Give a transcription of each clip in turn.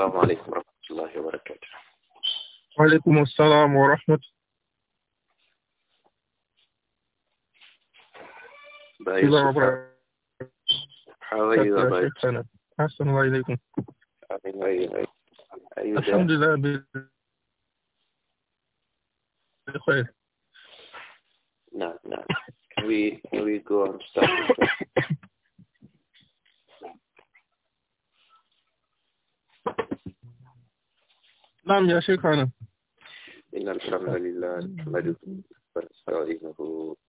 السلام عليكم ورحمة الله وبركاته وعليكم السلام ورحمة الله وبركاته أحسن الله إليكم الحمد لله بخير نعم نعم can we can we go on starting نعم يا انا إن الحمد لله نحمده ونستعينه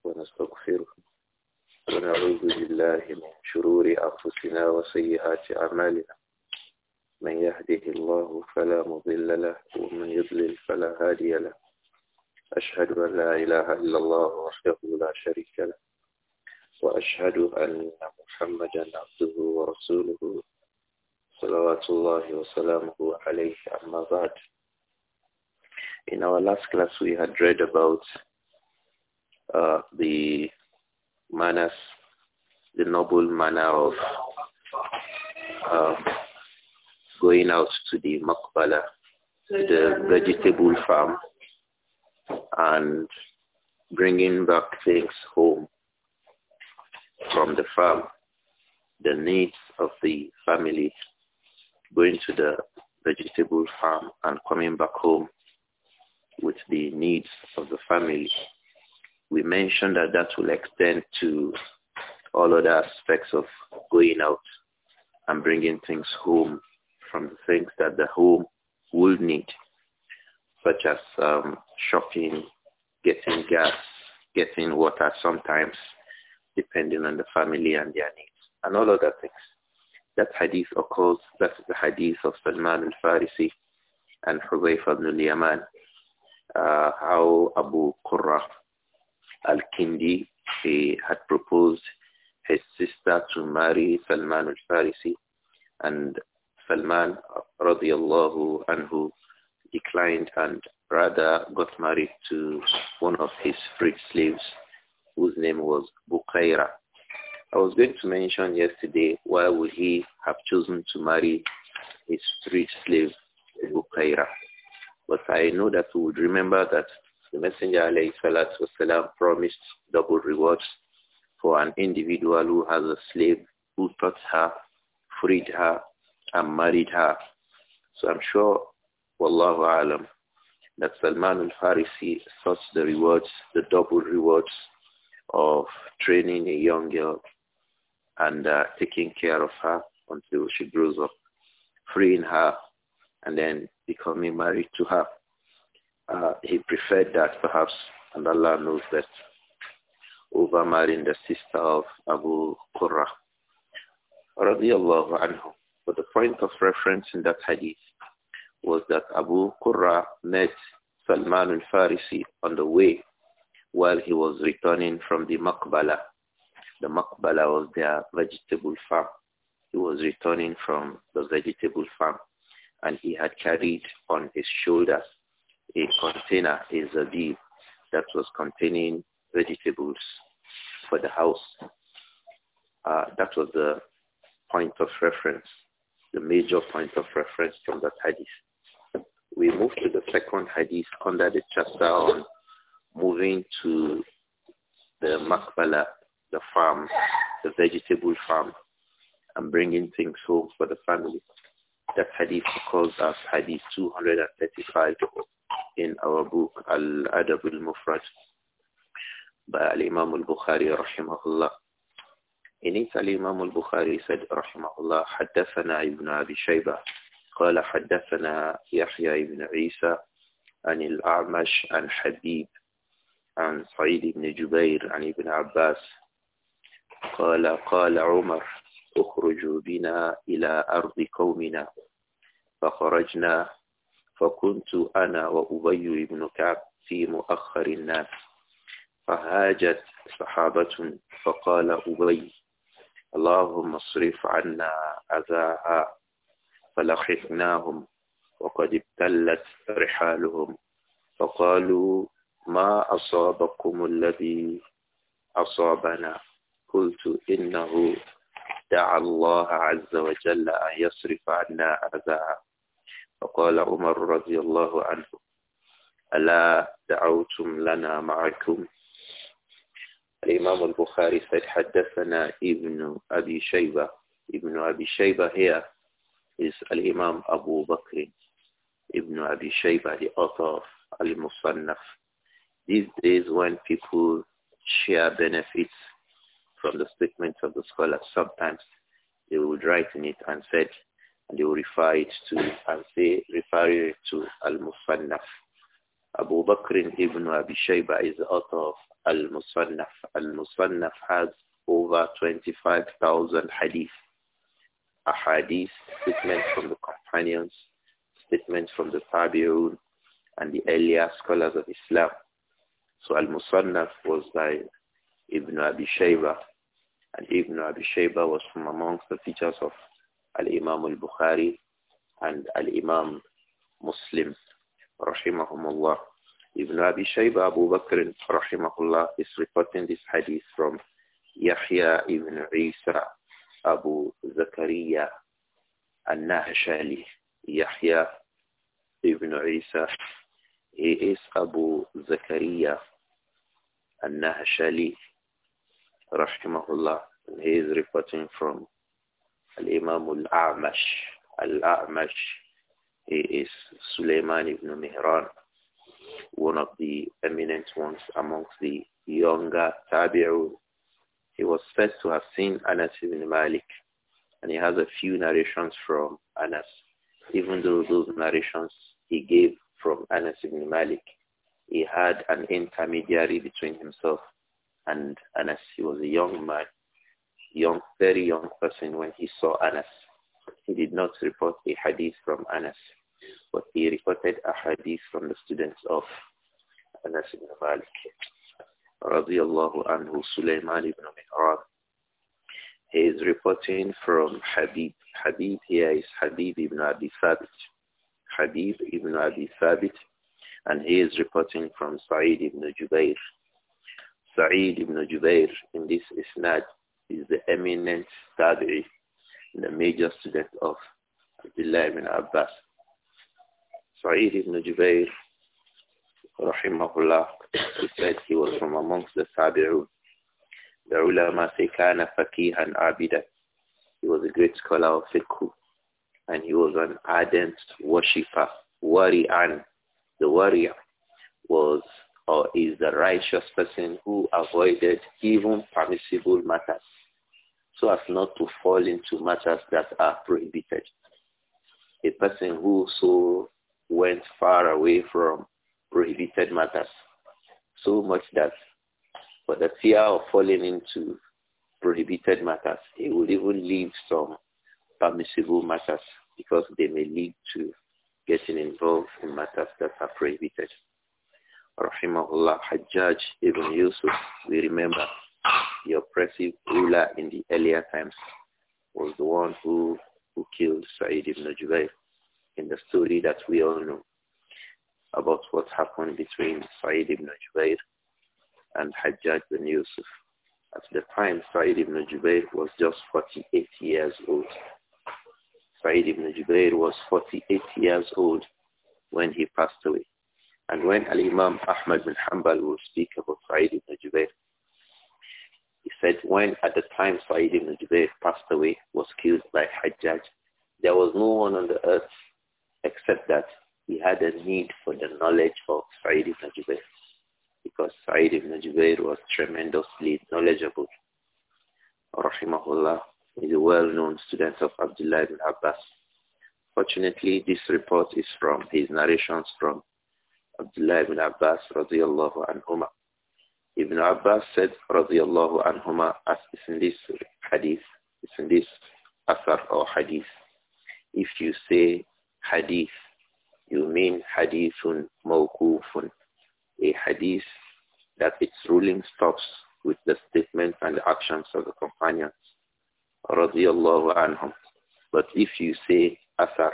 ونستغفره ونعوذ بالله من شرور أنفسنا وسيئات أعمالنا من يهده الله فلا مضل له ومن يضلل فلا هادي له أشهد أن لا إله إلا الله وحده لا شريك له وأشهد أن محمدا عبده ورسوله صلوات الله وسلامه عليه أما بعد In our last class, we had read about uh, the manners, the noble manner of uh, going out to the makbala, the vegetable farm, and bringing back things home from the farm, the needs of the family, going to the vegetable farm and coming back home with the needs of the family. We mentioned that that will extend to all other aspects of going out and bringing things home from the things that the home will need, such as um, shopping, getting gas, getting water sometimes, depending on the family and their needs, and all other things. That hadith occurs, that's the hadith of Salman al-Farisi and Hudayf ibn al-Yaman uh, how Abu Qurra al-Kindi had proposed his sister to marry Salman al-Farisi and Salman radiallahu anhu declined and rather got married to one of his freed slaves whose name was Bukaira. I was going to mention yesterday why would he have chosen to marry his freed slave Bukaira. But I know that we would remember that the Messenger والسلام, promised double rewards for an individual who has a slave who taught her, freed her, and married her. So I'm sure, Wallahu Alam, that Salman al-Farisi sought the rewards, the double rewards of training a young girl and uh, taking care of her until she grows up, freeing her and then becoming married to her. Uh, he preferred that perhaps, and Allah knows best, over marrying the sister of Abu Qurra. Radiallahu anhu. But the point of reference in that hadith was that Abu Qurra met Salman al-Farisi on the way while he was returning from the Makbala. The Makbala was their vegetable farm. He was returning from the vegetable farm and he had carried on his shoulder a container, a zabib, that was containing vegetables for the house. Uh, that was the point of reference, the major point of reference from that hadith. We move to the second hadith under the chapter on moving to the makbala, the farm, the vegetable farm, and bringing things home for the family. That hadith calls as hadith 235 in our book Al-Adab al-Mufrad by Al-Imam al-Bukhari rahimahullah. In it Al-Imam al-Bukhari said rahimahullah حدثنا ابن أبي شيبة قال حدثنا يحيى بن عيسى عن الأعمش عن حبيب عن سعيد بن جبير عن ابن عباس قال قال عمر اخرجوا بنا إلى أرض قومنا فخرجنا فكنت أنا وأبي بن كعب في مؤخر الناس فهاجت صحابة فقال أبي اللهم اصرف عنا أذاها فلخفناهم وقد ابتلت رحالهم فقالوا ما أصابكم الذي أصابنا قلت إنه دعا الله عز وجل أن يصرف عنا أذاها فقال عمر رضي الله عنه ألا دعوتم لنا معكم الإمام البخاري said حدثنا ابن أبي شيبة ابن أبي شيبة here is الإمام أبو بكر ابن أبي شيبة the author المصنف These days when people share benefits from the statements of the scholars. Sometimes they would write in it and said, and they would refer it to, and say, it to Al-Musannaf. Abu Bakr ibn Abi Shayba is the author of Al-Musannaf. Al-Musannaf has over 25,000 hadith. A hadith, statements from the companions, statements from the Tabi'un, and the earlier scholars of Islam. So Al-Musannaf was by Ibn Abi Shaybah. And Ibn Abi Shayba was from amongst the teachers of Al-Imam al-Bukhari and Al-Imam Muslim, rahimahumullah. Ibn Abi Shayba Abu Bakr, rahimahullah, is reporting this hadith from Yahya ibn Isa Abu Zakaria al-Nahshali. Yahya ibn Isa, he is Abu Zakaria al-Nahshali rahimahullah, and he is reporting from Al-Imam Al-A'mash. Al-A'mash, he is Sulaiman ibn Mihran, one of the eminent ones amongst the younger Tabi'un. He was first to have seen Anas ibn Malik, and he has a few narrations from Anas, even though those narrations he gave from Anas ibn Malik, he had an intermediary between himself and Anas. He was a young man, young, very young person when he saw Anas. He did not report a hadith from Anas, but he reported a hadith from the students of Anas ibn Malik. رضي الله عنه ibn Mi'rab. He is reporting from Habib. Habib here is Habib ibn Abi Thabit. Habib ibn Abi Thabit. And he is reporting from Sa'id ibn Jubair. Sa'id ibn Jubair in this isnad is the eminent tabi'i, the major student of Abdullah ibn Abbas. Sa'id ibn Jubair, rahimahullah, he said he was from amongst the tabi'un. The ulama say, kana faqihan abida. He was a great scholar of fiqh, and he was an ardent worshipper, wari'an. The warrior was or is the righteous person who avoided even permissible matters so as not to fall into matters that are prohibited. A person who so went far away from prohibited matters so much that for the fear of falling into prohibited matters, he will even leave some permissible matters because they may lead to getting involved in matters that are prohibited rahimahullah, Hajjaj ibn Yusuf, we remember the oppressive ruler in the earlier times was the one who, who killed Sa'id ibn Jubayr in the story that we all know about what happened between Sa'id ibn Jubayr and Hajjaj ibn Yusuf. At the time, Sa'id ibn Jubayr was just 48 years old. Sa'id ibn Jubayr was 48 years old when he passed away. And when Al-Imam Ahmad bin Hanbal will speak about Sa'id ibn Jubair, he said when at the time Sa'id ibn Jubair passed away, was killed by Hajjaj, there was no one on the earth except that he had a need for the knowledge of Sa'id ibn Jubair because Sa'id ibn Jubair was tremendously knowledgeable. Rahimahullah is a well-known student of Abdullah ibn Abbas. Fortunately, this report is from his narrations from Abdullah ibn Abbas radiallahu anhuma. Ibn Abbas said radiallahu anhuma as is in this hadith, it's in this asar or hadith. If you say hadith, you mean hadithun mawkufun, a hadith that its ruling stops with the statement and the actions of the companions radiallahu anhum. But if you say asar,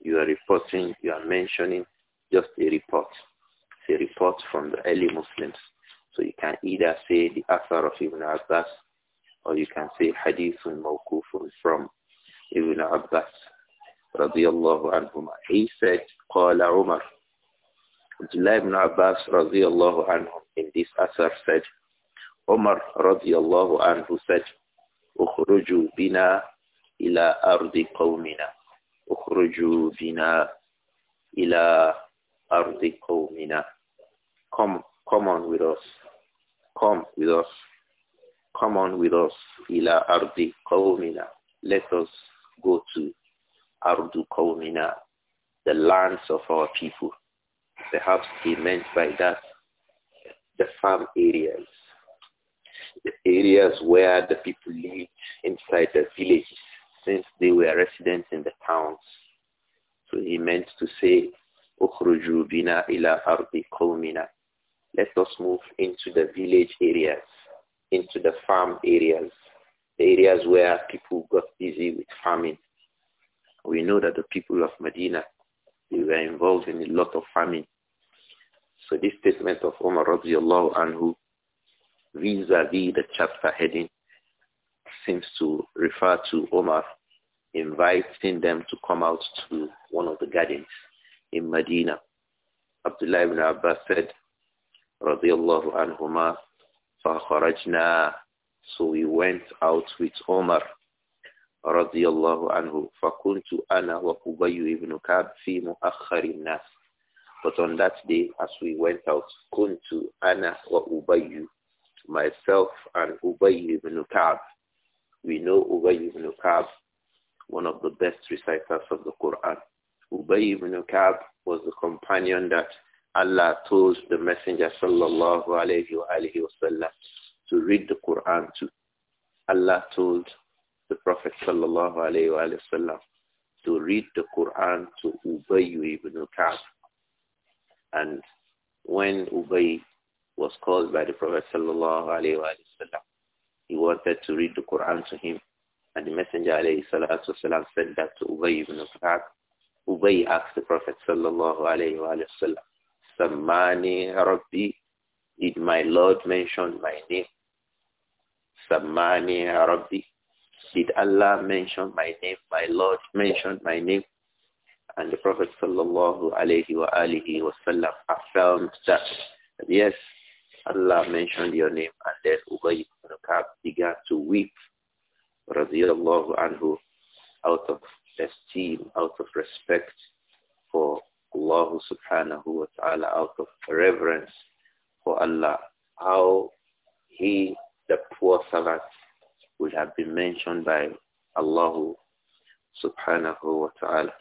you are reporting, you are mentioning just a report. It's a report from the early Muslims. So you can either say the Athar of Ibn Abbas or you can say Hadithun Mawkufun from Ibn Abbas radiallahu anhuma. He said, Qala Umar. Abdullah ibn Abbas radiallahu anhu in this Athar said, Umar radiallahu anhu said, اخرجوا بنا إلى أرض قومنا اخرجوا بنا إلى ardi qawmina. Come, come on with us. Come with us. Come on with us. Ila ardi qawmina. Let us go to ardu qawmina, the lands of our people. Perhaps he meant by that the farm areas, the areas where the people lived inside the villages, since they were residents in the towns. So he meant to say let us move into the village areas, into the farm areas, the areas where people got busy with farming. We know that the people of Medina, they were involved in a lot of farming. So this statement of Umar radiallahu anhu vis a -vis the chapter heading seems to refer to Omar inviting them to come out to one of the gardens in Medina. Abdullah ibn Abbas said, radiallahu anhuma, فَخَرَجْنَا So we went out with Omar, radiallahu anhu, فَكُنْتُ أَنَا وَقُبَيُّ ibn Kab فِي مُؤَخَّرِ النَّاسِ But on that day, as we went out, كُنْتُ أَنَا وَأُبَيُّ Myself and Ubay ibn Ka'b. We know Ubay ibn Ka'b, one of the best reciters of the Quran Ubay ibn Ka'b was the companion that Allah told the Messenger sallallahu alayhi wa alayhi wasallam to read the Quran to. Allah told the Prophet sallallahu alayhi wa sallam to read the Quran to Ubay ibn Ka'b. And when Ubay was called by the Prophet sallallahu alayhi wa sallam, he wanted to read the Quran to him. And the Messenger alayhi salatu said that to Ubay ibn Ka'b Ubay asked the Prophet sallallahu alayhi wa sallam, Sammani Rabbi, did my Lord mention my name? Sammani Rabbi, did Allah mention my name? My Lord mentioned my name? And the Prophet sallallahu alayhi wa alihi wa sallam affirmed that, yes, Allah mentioned your name. And then Ubay ibn Ka'b began to weep, radiallahu anhu, out of esteem, out of respect for Allah subhanahu wa ta'ala, out of reverence for Allah, how he, the poor servant, would have been mentioned by Allah subhanahu wa ta'ala.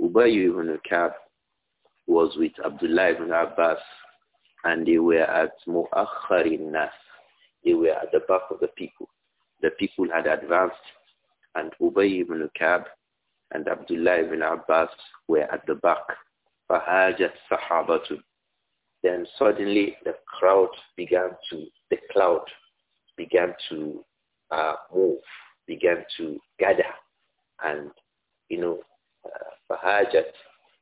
Ubayy ibn Ka'b was with Abdullah ibn Abbas and they were at Mu'akharin Nas. They were at the back of the people. The people had advanced and Ubayy ibn Ka'b and Abdullah ibn Abbas were at the back. فَهَاجَتْ صَحَابَةٌ Then suddenly the crowd began to, the cloud began to uh, move, began to gather. And, you know, uh,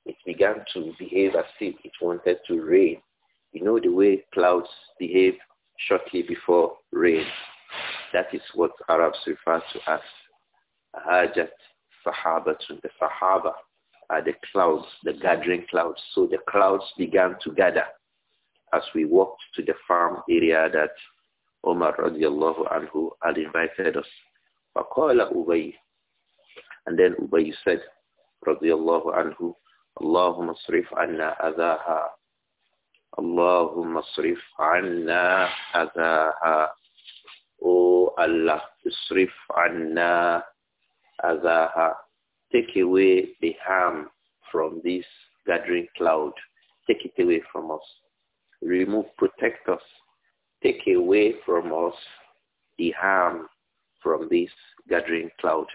It began to behave as if it wanted to rain. You know the way clouds behave shortly before rain. That is what Arabs refer to as Hajat Sahaba to the Sahaba are uh, the clouds, the gathering clouds. So the clouds began to gather as we walked to the farm area that Omar radiallahu anhu had invited us. فَقَالَ أُبَيْ And then Ubay said, radiallahu anhu, اللهم اصرف anna azaha, اللهم اصرف anna azaha, O oh Allah, اصرف anna azaha. Take away the harm from this gathering cloud. Take it away from us. Remove, protect us. Take away from us the harm from this gathering cloud.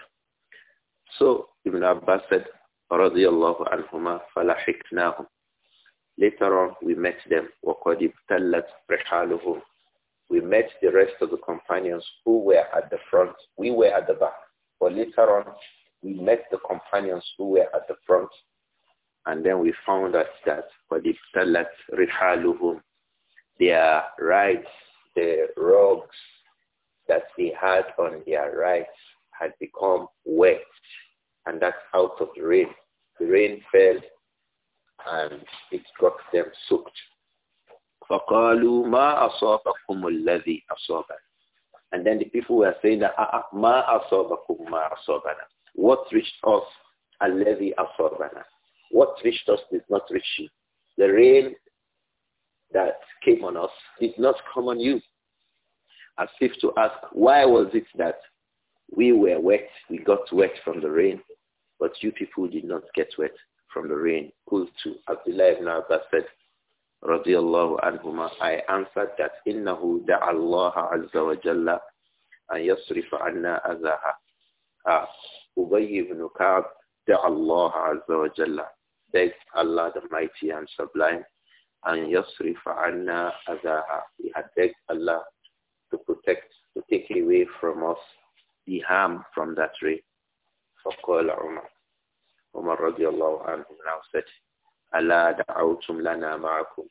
So Ibn Abbas said, radiyallahu anhuma falahiqnahum. Later on, we met them. We met the rest of the companions who were at the front. We were at the back. But later on, we met the companions who were at the front, and then we found out that وَلِبْتَلَتْ رِحَالُهُمْ Their rights, the rugs that they had on their rights had become wet, and that's out of the rain. The rain fell, and it got them soaked. فَقَالُوا مَا أَصَابَكُمُ الَّذِي أَصَابَكُمْ and then the people were saying that, ah, ah, ma asabakum ma asabana. What reached us, Alevi asabana. What reached us did not reach you. The rain that came on us did not come on you. As if to ask, why was it that we were wet, we got wet from the rain, but you people did not get wet from the rain. Cool too. Abdullah ibn Abbas said, radiallahu anhuma, I answered that innahu da'allaha azza wa jalla an yasrifa anna azaha. Uh, Ubay ibn Ka'b da'allaha azza wa jalla begged Allah the mighty and sublime and yasrifa anna azaha. He had begged Allah to protect, to take away from us the harm from that ray. فقال عمر عمر رضي الله عنه now said Allah دعوتم لنا lana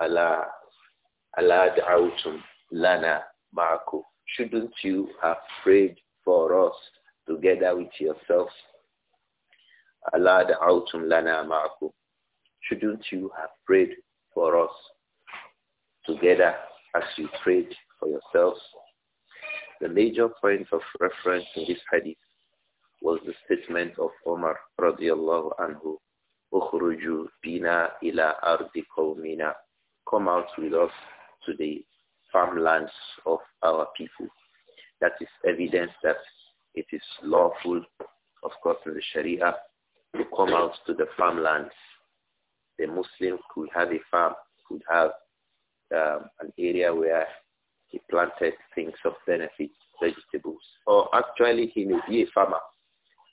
ألا ألا lana Shouldn't you have prayed for us together with yourselves? ألا دعوتم lana معكم Shouldn't you have prayed for us together as you prayed for yourselves? The major point of reference in this hadith was the statement of Omar radiallahu anhu Ukhruju bina ila ardi qawmina. Come out with us to the farmlands of our people. That is evidence that it is lawful, of course, in the Sharia, to come out to the farmlands. The Muslim could have a farm, could have um, an area where he planted things of benefit, vegetables, or actually he may be a farmer,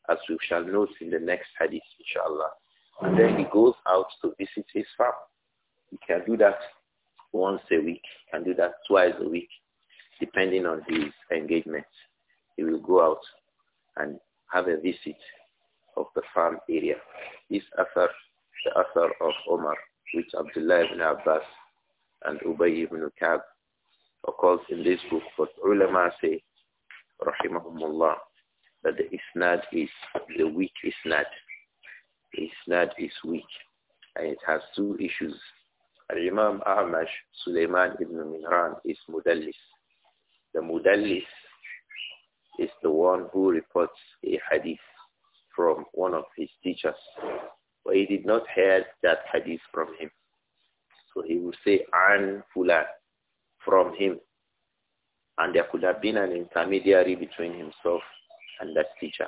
as we shall note in the next hadith, inshallah. And then he goes out to visit his farm. He can do that once a week, can do that twice a week, depending on his engagement. He will go out and have a visit of the farm area. This author, the author of Omar, which Abdullah ibn Abbas and Ubay ibn Ka'b occurs in this book, but ulama say, rahimahumullah, that the isnad is the weak isnad isnad is weak and it has two issues. Al-Imam Ahmash Suleiman ibn Minran is Mudallis. The Mudallis is the one who reports a hadith from one of his teachers. But he did not hear that hadith from him. So he would say, An Fulan, from him. And there could have been an intermediary between himself and that teacher.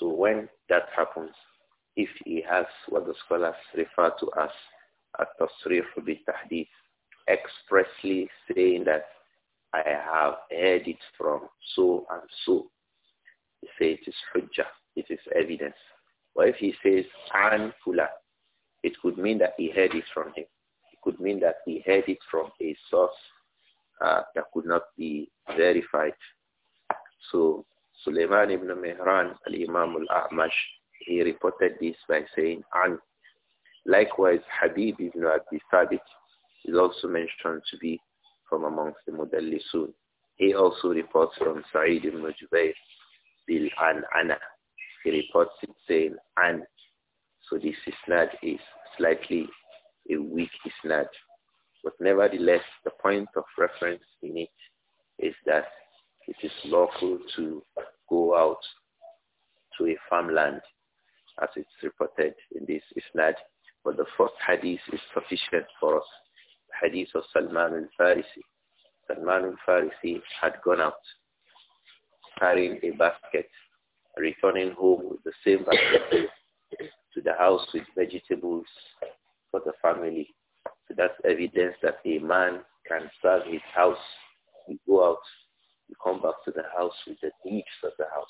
So when that happens, if he has what the scholars refer to as at-tasrif bi-tahdith, expressly saying that I have heard it from so and so. He says it is hujjah, it is evidence. Or if he says an fulan, it could mean that he heard it from him. It could mean that he heard it from a source uh, that could not be verified. So Suleiman ibn Mehran, al-Imam al-A'mash, he reported this by saying, An. Likewise, Habib ibn Abi Thabit is also mentioned to be from amongst the Mudallisun. He also reports from Sa'id ibn Jubayr, Bil an Ana. He reports it saying An. So this isnad is slightly a weak isnad. But nevertheless, the point of reference in it is that it is lawful to go out to a farmland as it's reported in this isnad. But the first hadith is sufficient for us. The hadith of Salman al-Farisi. Salman al-Farisi had gone out carrying a basket, returning home with the same basket to the house with vegetables for the family. So that's evidence that a man can serve his house. He go out, he come back to the house with the needs of the house.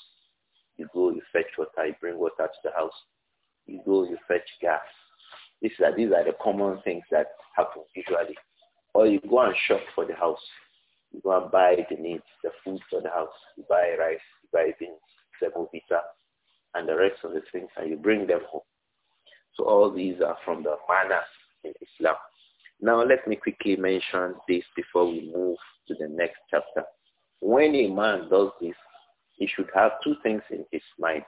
You go, you fetch water, you bring water to the house. You go, you fetch gas. These are, uh, these are the common things that happen usually. Or you go and shop for the house. You go and buy the needs, the food for the house. You buy rice, you buy beans, semovita, and the rest of the things, and you bring them home. So all these are from the manners in Islam. Now let me quickly mention this before we move to the next chapter. When a man does this, he should have two things in his mind,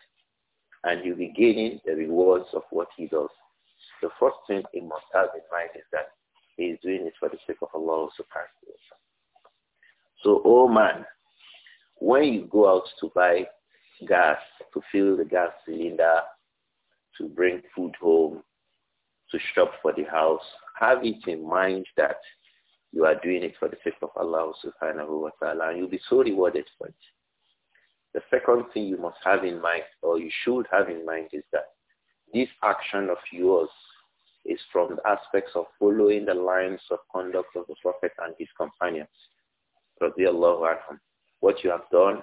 and he'll be gaining the rewards of what he does. The first thing he must have in mind is that he is doing it for the sake of Allah subhanahu wa ta'ala. So, oh man, when you go out to buy gas, to fill the gas cylinder, to bring food home, to shop for the house, have it in mind that you are doing it for the sake of Allah subhanahu wa ta'ala and you'll be so rewarded for it. The second thing you must have in mind, or you should have in mind, is that this action of yours is from the aspects of following the lines of conduct of the Prophet and his companions. What you have done,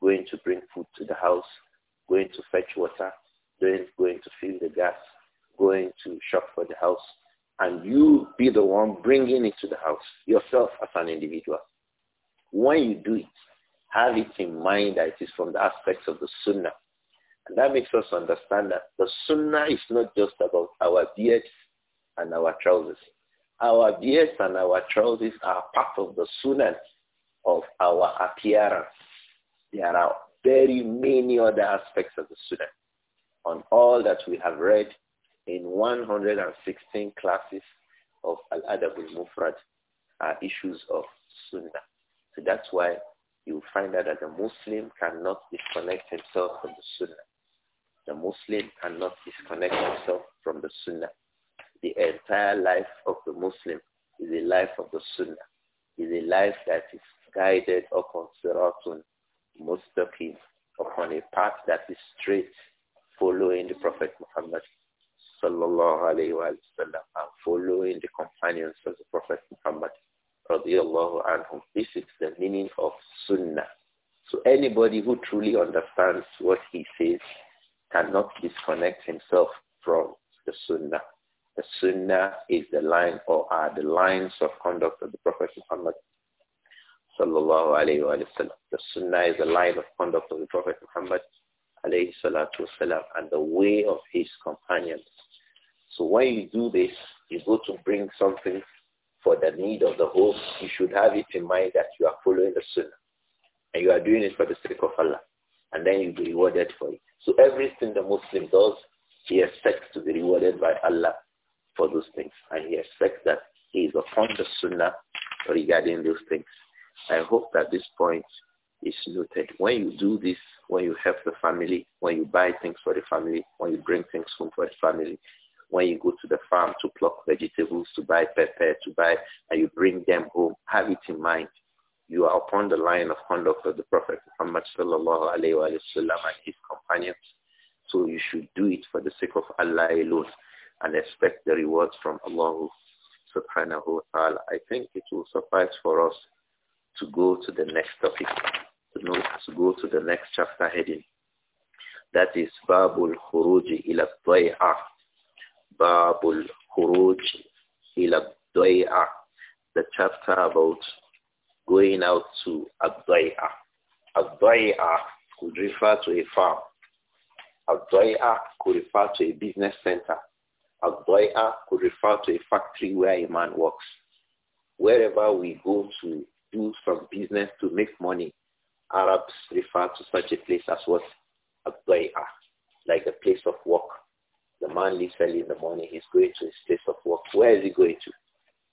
going to bring food to the house, going to fetch water, going, going to fill the gas, going to shop for the house, and you be the one bringing it to the house, yourself as an individual. When you do it, have it in mind that it is from the aspects of the sunnah. And that makes us understand that the sunnah is not just about our beards and our trousers. Our beards and our trousers are part of the sunnah of our appearance. There are very many other aspects of the sunnah. On all that we have read in 116 classes of Al-Adab al-Mufrad are issues of sunnah. So that's why you will find out that the Muslim cannot disconnect himself from the Sunnah. The Muslim cannot disconnect himself from the Sunnah. The entire life of the Muslim is a life of the Sunnah, is a life that is guided upon Siratun Mustaqim, upon a path that is straight, following the Prophet Muhammad sallallahu alayhi wa sallam and following the companions of the Prophet Muhammad radiallahu anhum. This is the meaning of sunnah. So anybody who truly understands what he says cannot disconnect himself from the sunnah. The sunnah is the line or are the lines of conduct of the Prophet Muhammad sallallahu alayhi wa sallam. The sunnah is the line of conduct of the Prophet Muhammad alayhi salatu wasalam and the way of his companions. So when you do this, you go to bring something for the need of the whole, you should have it in mind that you are following the sunnah and you are doing it for the sake of Allah. And then you'll be rewarded for it. So everything the Muslim does, he expects to be rewarded by Allah for those things. And he expects that he is upon the sunnah regarding those things. I hope that this point is noted. When you do this, when you help the family, when you buy things for the family, when you bring things home for the family, when you go to the farm to pluck vegetables, to buy pepper, to buy, and you bring them home, have it in mind. You are upon the line of conduct of the Prophet Muhammad sallallahu alayhi wa and his companions. So you should do it for the sake of Allah alone and expect the rewards from Allah subhanahu wa ta'ala. I think it will suffice for us to go to the next topic, to, know, to go to the next chapter heading. That is Babul Khuruji ila Babul Khuruj ila Dway'a, the chapter about going out to Ad-Dway'a. could refer to a farm. ad could refer to a business center. ad could refer to a factory where a man works. Wherever we go to do some business to make money, Arabs refer to such a place as what? ad like a place of work the man leaves early in the morning. He's going to his place of work. Where is he going to?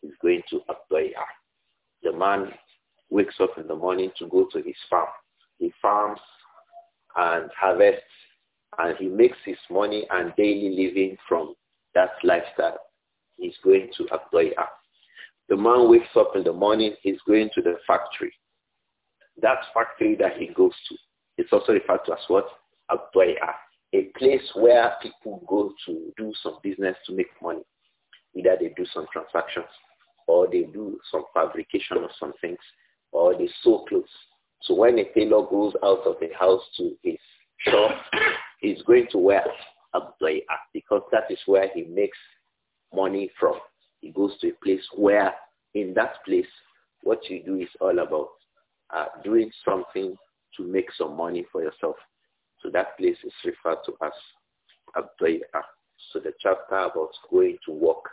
He's going to Abdoya. The man wakes up in the morning to go to his farm. He farms and harvests and he makes his money and daily living from that lifestyle. He's going to Abdoya. The man wakes up in the morning. He's going to the factory. That factory that he goes to, it's also referred to as what? Abdoya a place where people go to do some business to make money. Either they do some transactions or they do some fabrication of some things or they sew clothes. So when a tailor goes out of the house to his shop, he's going to wear Abdullah because that is where he makes money from. He goes to a place where in that place what you do is all about uh, doing something to make some money for yourself. So that place is referred to as Abdai'ah. So the chapter about going to work.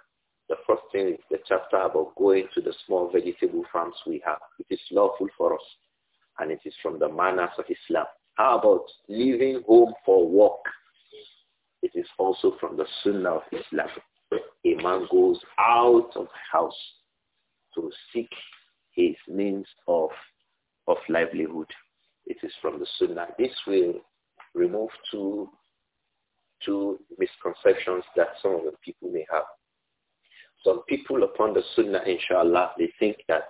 The first thing is the chapter about going to the small vegetable farms we have. It is lawful for us and it is from the manners of Islam. How about leaving home for work? It is also from the sunnah of Islam. A man goes out of house to seek his means of, of livelihood. It is from the sunnah. This will misconceptions that some of the people may have. Some people upon the sunnah, inshallah, they think that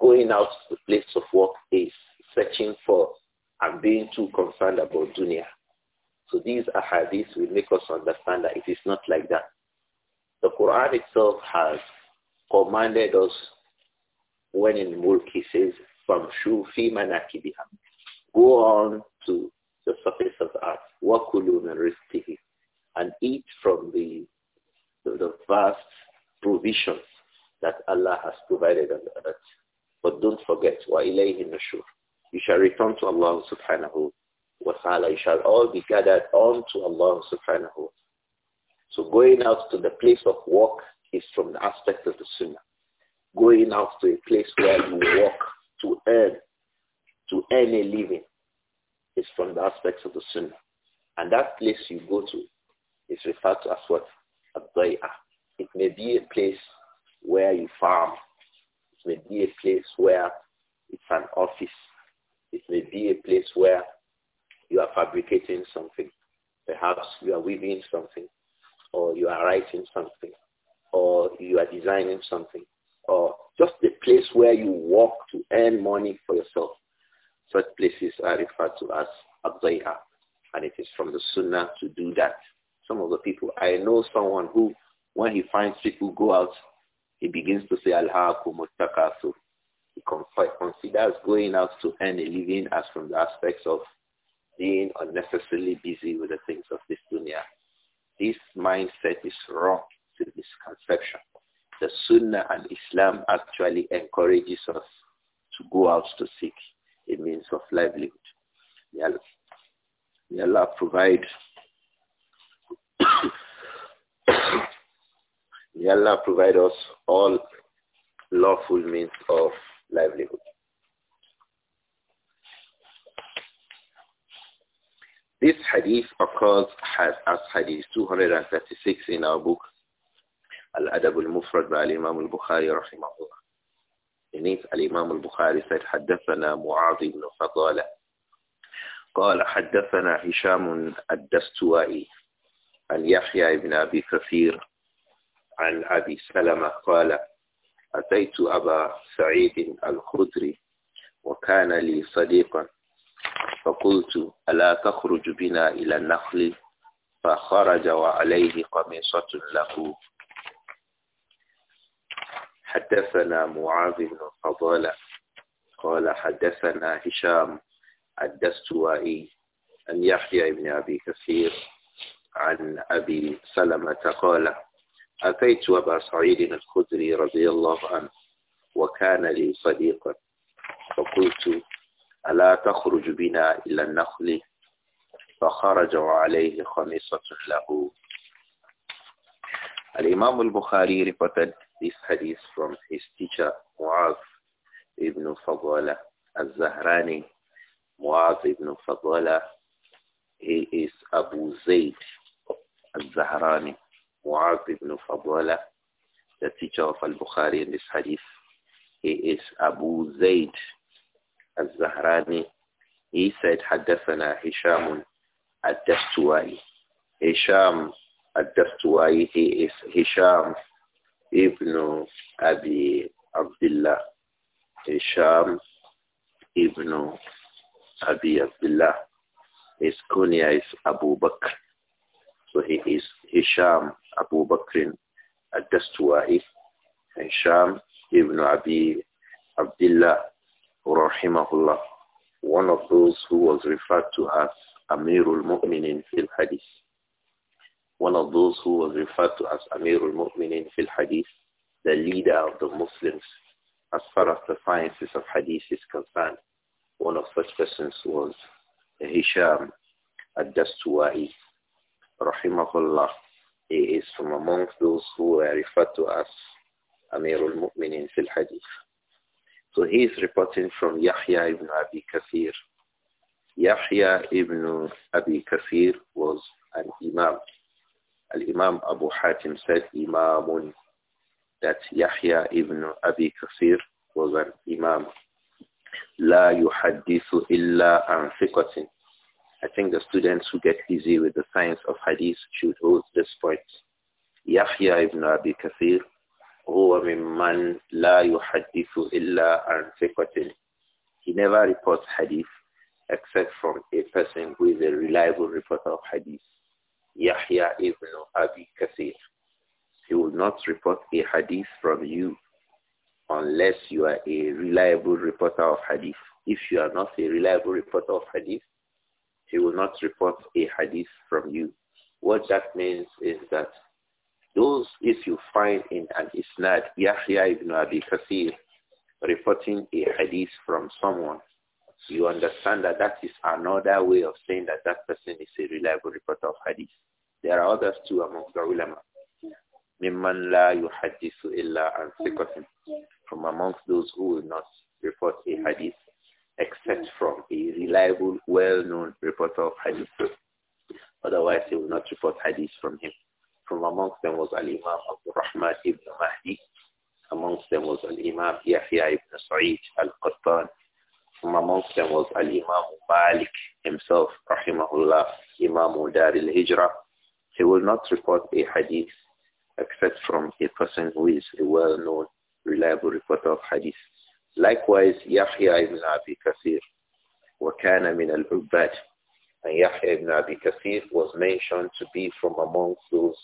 going out to the place of work is searching for and being too concerned about dunya. So these ahadiths will make us understand that it is not like that. The Quran itself has commanded us when in Mulk he says, from Shufi Manakibiha, go on to the surface of the earth, and eat from the, the, the vast provisions that Allah has provided on the earth. But don't forget, وَإِلَيْهِ You shall return to Allah subhanahu wa ta'ala. You shall all be gathered unto Allah subhanahu wa ta'ala. So going out to the place of work is from the aspect of the sunnah. Going out to a place where you work to earn, to earn a living is from the aspects of the sunnah. And that place you go to is referred to as what? a It may be a place where you farm. It may be a place where it's an office. It may be a place where you are fabricating something. Perhaps you are weaving something or you are writing something or you are designing something or just the place where you work to earn money for yourself. Such places are referred to as abdai'ah and it is from the sunnah to do that some of the people. I know someone who, when he finds people go out, he begins to say, Alhaakum So He considers going out to earn a living as from the aspects of being unnecessarily busy with the things of this dunya. This mindset is wrong. It's a misconception. The Sunnah and Islam actually encourages us to go out to seek a means of livelihood. May Allah, may Allah provide May Allah provide us all lawful means of livelihood. This hadith occurs as, as hadith 236 in our book, Al-Adab al-Mufrad by Al-Imam al-Bukhari rahimahullah. In it, Al-Imam al-Bukhari said, حدثنا معاذ بن فضالة قال حدثنا هشام الدستوائي عن يحيى بن أبي كثير عن أبي سلمة قال أتيت أبا سعيد الخدري وكان لي صديقا فقلت ألا تخرج بنا إلى النخل فخرج وعليه قميصة له حدثنا معاذ بن فضالة قال حدثنا هشام الدستوائي أن يحيى بن أبي كثير عن أبي سلمة قال أتيت أبا سعيد الخدري رضي الله عنه وكان لي صديقا فقلت ألا تخرج بنا إلى النخل فخرج عليه خميصة له الإمام البخاري reported this hadith from his teacher Muaz ibn Fadwala al-Zahrani Muaz ibn Fadwala he is Abu Zayd الزهراني معاذ بن فضالة the teacher of al-Bukhari in this hadith. He is Abu Zayd الزهراني He said, حدثنا هشام الدستوائي. هشام الدستوائي, he is Hisham ibn Abi هشام Hisham ibn Abi الله His kunya is Abu Bakr. So he is Hisham Abu Bakr al-Dastuwa'i, Hisham ibn Abi Abdullah rahimahullah, one of those who was referred to as Amirul Mu'minin fil Hadith. One of those who was referred to as Amirul Mu'minin fil Hadith, the leader of the Muslims as far as the sciences of Hadith is concerned. One of such persons was Hisham al-Dastuwa'i rahimahullah, he is from amongst those who are referred to as Amirul Mu'minin fil Hadith. So he is reporting from Yahya ibn Abi Kathir. Yahya ibn Abi Kathir was an Imam. Al-Imam Abu Hatim said Imamun, that Yahya ibn Abi Kathir was an Imam. لا يحدث إلا عن ثقة I think the students who get busy with the science of hadith should hold this point. Yahya ibn Abi Kathir, هو man la yuhadithu illa an ثقة. He never reports hadith except from a person who is a reliable reporter of hadith. Yahya ibn Abi Kathir. He will not report a hadith from you unless you are a reliable reporter of hadith. If you are not a reliable reporter of hadith, he will not report a hadith from you. What that means is that those, if you find in an isnad, Yahya ibn Abi Kasir reporting a hadith from someone, you understand that that is another way of saying that that person is a reliable reporter of hadith. There are others too among the ulama. Mimman la يحدث illa عن from amongst those who will not report a hadith except from a reliable, well-known reporter of hadith. Otherwise, he will not report hadith from him. From amongst them was Al-Imam Abdul Rahman ibn Mahdi. Amongst them was Al-Imam Yahya ibn Sa'id al-Qattan. From amongst them was Al-Imam Malik himself, rahimahullah, Imam Dar al-Hijra. He will not report a hadith except from a person who is a well-known, reliable reporter of hadith. Likewise, Yahya ibn Abi Kathir, وَكَانَ مِنَ الْعُبَّادِ And Yahya ibn Abi Kathir was mentioned to be from amongst those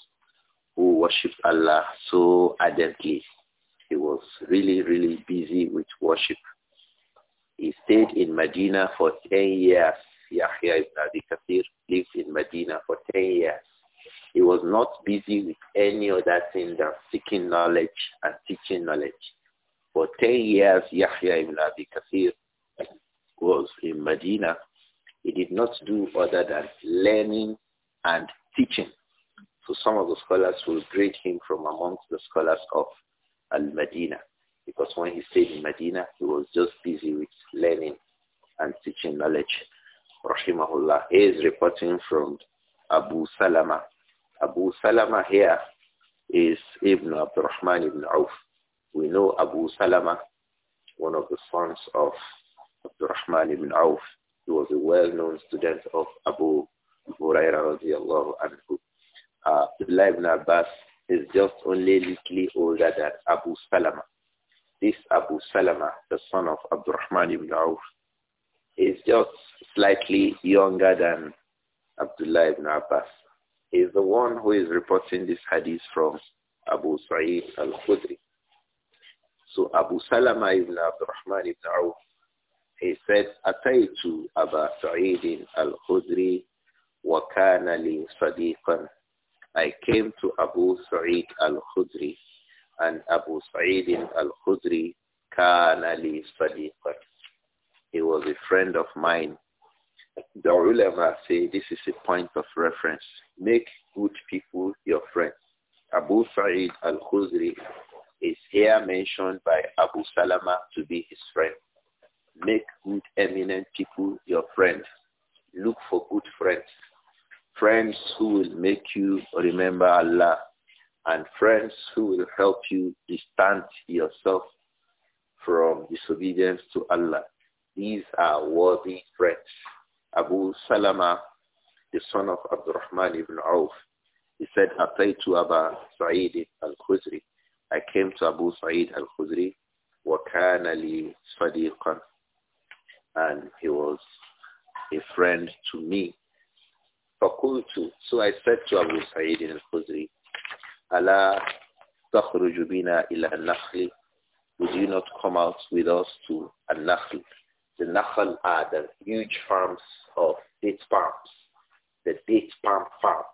who worshipped Allah so ardently. He was really, really busy with worship. He stayed in Medina for 10 years. Yahya ibn Abi Kathir lived in Medina for 10 years. He was not busy with any other thing than seeking knowledge and teaching knowledge. For 10 years, Yahya ibn Abi Kathir was in Medina. He did not do other than learning and teaching. So some of the scholars will grade him from amongst the scholars of Al-Medina. Because when he stayed in Medina, he was just busy with learning and teaching knowledge. Rahimahullah. He is reporting from Abu Salama. Abu Salama here is Ibn Abdurrahman ibn Auf. We know Abu Salama, one of the sons of Rahman ibn Auf. He was a well-known student of Abu Hurairah radiallahu anhu. Uh, ibn Abbas is just only little older than Abu Salama. This Abu Salama, the son of Rahman ibn Auf, is just slightly younger than Abdullah ibn Abbas. He is the one who is reporting this hadith from Abu Sa'id al-Khudri. So Abu Salama ibn Abdurrahman ibn Awf, he said, أتيت أبا سعيد الخدري وكان لي صديقا. I came to Abu Sa'id al-Khudri and Abu Sa'id al-Khudri كان لي صديقا. He was a friend of mine. The ulama say this is a point of reference. Make good people your friends. Abu Sa'id al-Khudri is here mentioned by Abu Salama to be his friend. Make good eminent people your friends. Look for good friends. Friends who will make you remember Allah and friends who will help you distance yourself from disobedience to Allah. These are worthy friends. Abu Salama, the son of Abdurrahman ibn Auf, he said, to Aba Sa'id al-Khuzri. I came to Abu Sa'id al-Khudri, وَكَانَ لِي صَدِيقًا And he was a friend to me. فَقُلْتُ So I said to Abu Sa'id al-Khudri, أَلَا تَخْرُجُ بِنَا إِلَى النَّخْلِ Would you not come out with us to al The Nakhl are the huge farms of date palms, the date palm farm,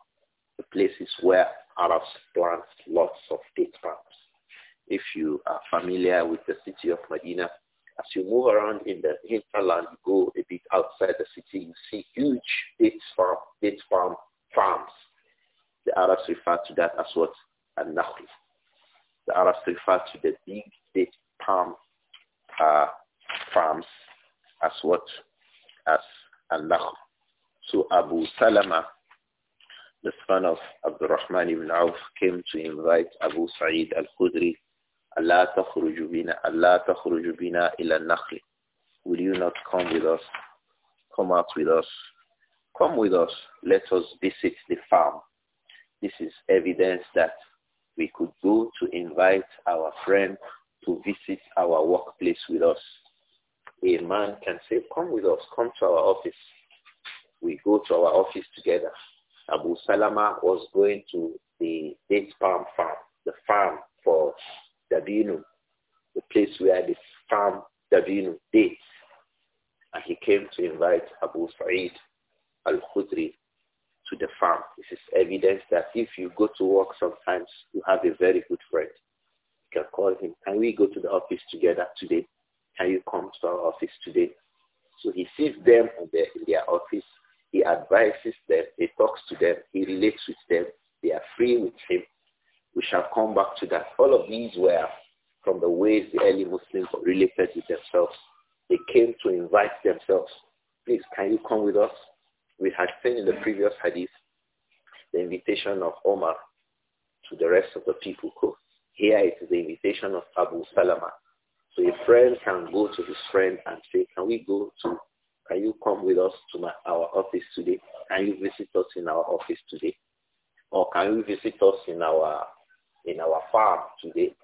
the places where Arabs plant lots of date palms if you are familiar with the city of Medina. As you move around in the hinterland, you go a bit outside the city, you see huge date farm, date farm farms. The Arabs refer to that as what? An nakhli. The Arabs refer to the big date palm uh, farms as what? As an nakhli. So Abu Salama the son of Abdurrahman ibn Auf came to invite Abu Sa'id al-Khudri Allah takhruju bina, Allah takhruju bina ila nakhli. Will you not come with us? Come out with us. Come with us. Let us visit the farm. This is evidence that we could go to invite our friend to visit our workplace with us. A man can say, come with us, come to our office. We go to our office together. Abu Salama was going to the date palm farm, the farm for Davino, the place where the farm Davino dates. And he came to invite Abu Sa'id al-Khudri to the farm. This is evidence that if you go to work sometimes, you have a very good friend. You can call him, can we go to the office together today? Can you come to our office today? So he sees them in their, in their office. He advises them. He talks to them. He relates with them. They are free with him. We shall come back to that. All of these were from the ways the early Muslims related with themselves. They came to invite themselves. Please, can you come with us? We had seen in the previous hadith the invitation of Omar to the rest of the people. Here it is the invitation of Abu Salama. So a friend can go to his friend and say, can we go to, can you come with us to my, our office today? Can you visit us in our office today? Or can you visit us in our in our farm today.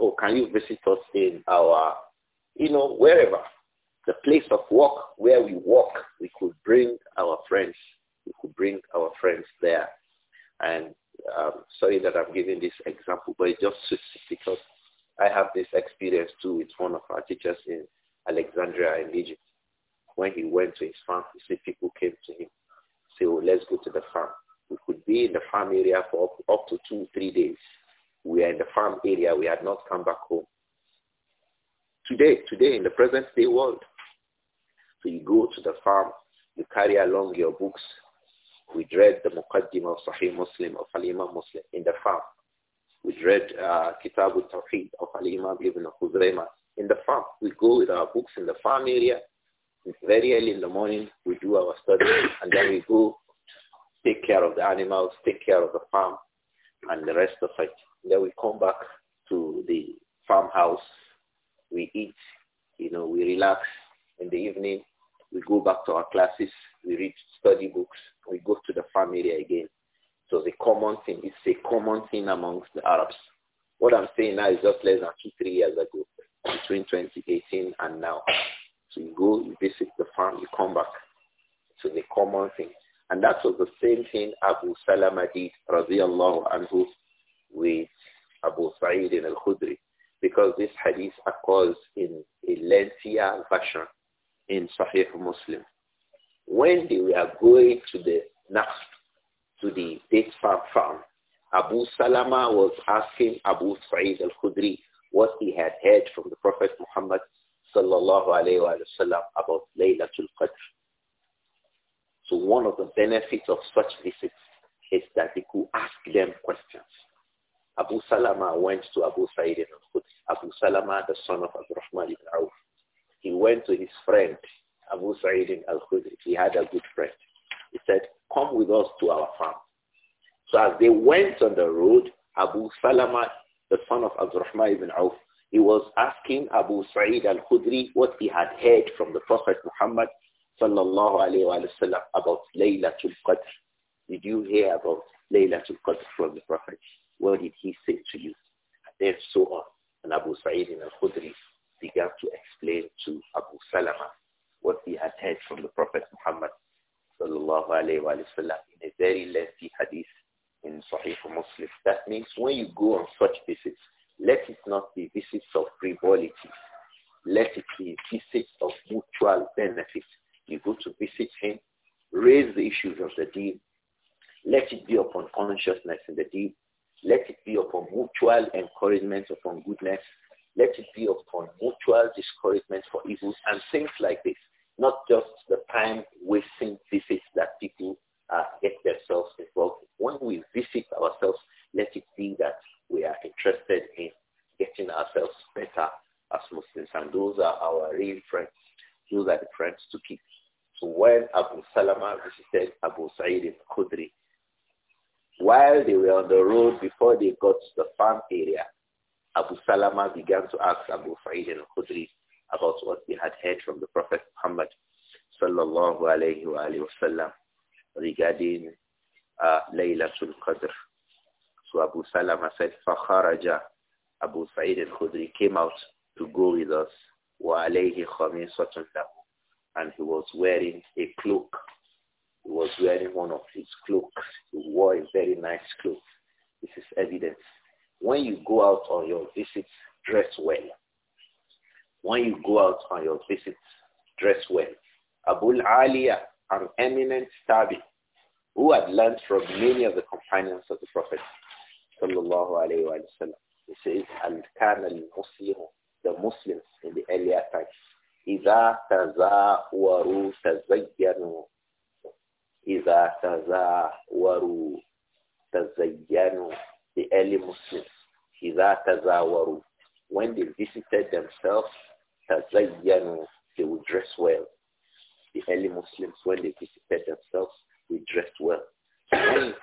Oh, can you visit us in our, you know, wherever, the place of work where we work, we could bring our friends. We could bring our friends there. And um, sorry that I'm giving this example, but just because I have this experience too with one of our teachers in Alexandria in Egypt. When he went to his farm, he said people came to him, say, oh, let's go to the farm. We could be in the farm area for up to two, three days. We are in the farm area. We had not come back home. Today, today in the present day world. So you go to the farm, you carry along your books. We read the Muqaddim of Sahih Muslim of al Muslim in the farm. We read uh, Kitab al-Tawheed of al Ibn Khuzayma in the farm. We go with our books in the farm area. It's very early in the morning, we do our study, and then we go take care of the animals, take care of the farm, and the rest of it. Then we come back to the farmhouse. We eat, you know, we relax. In the evening, we go back to our classes. We read study books. We go to the farm area again. So the common thing, it's a common thing amongst the Arabs. What I'm saying now is just less than two, three years ago, between 2018 and now. So you go, you visit the farm, you come back. So the common thing. And that was the same thing Abu Salama did, radiallahu anhu, occurs in a lengthier version in Sahih Muslim. When they were going to the next, to the date farm, farm, Abu Salama was asking Abu Sa'id al-Khudri what he had heard from the Prophet Muhammad sallallahu alayhi wa sallam about Laylatul Qadr. So one of the benefits of such visits is that they could ask them questions. Abu Salama went to Abu Sa'id Salamah, the son of Abdurrahman ibn Auf. He went to his friend, Abu Sa'id al-Khudri. He had a good friend. He said, come with us to our farm. So as they went on the road, Abu Salama, the son of Abdurrahman ibn Auf, he was asking Abu Sa'id al-Khudri what he had heard from the Prophet Muhammad sallallahu alayhi wa sallam about Laylatul Qadr. Did you hear about Laylatul Qadr from the Prophet? I said, فَخَرَجَ Abu Sa'id al-Khudri came out to go with us. And he was wearing a cloak. He was wearing one of his cloaks. He wore a very nice cloak. This is evidence. When you go out on your visits, dress well. When you go out on your visits, dress well. Abul Aliya, an eminent tabi, who had learned from many of the companions of the Prophet he says, and كان المسلم, the Muslims in the earlier times, إذا تزاوروا تزينوا إذا تزاوروا تزينوا the early Muslims إذا تزاوروا when they visited themselves تزينوا they would dress well the early Muslims when they visited themselves they dressed well the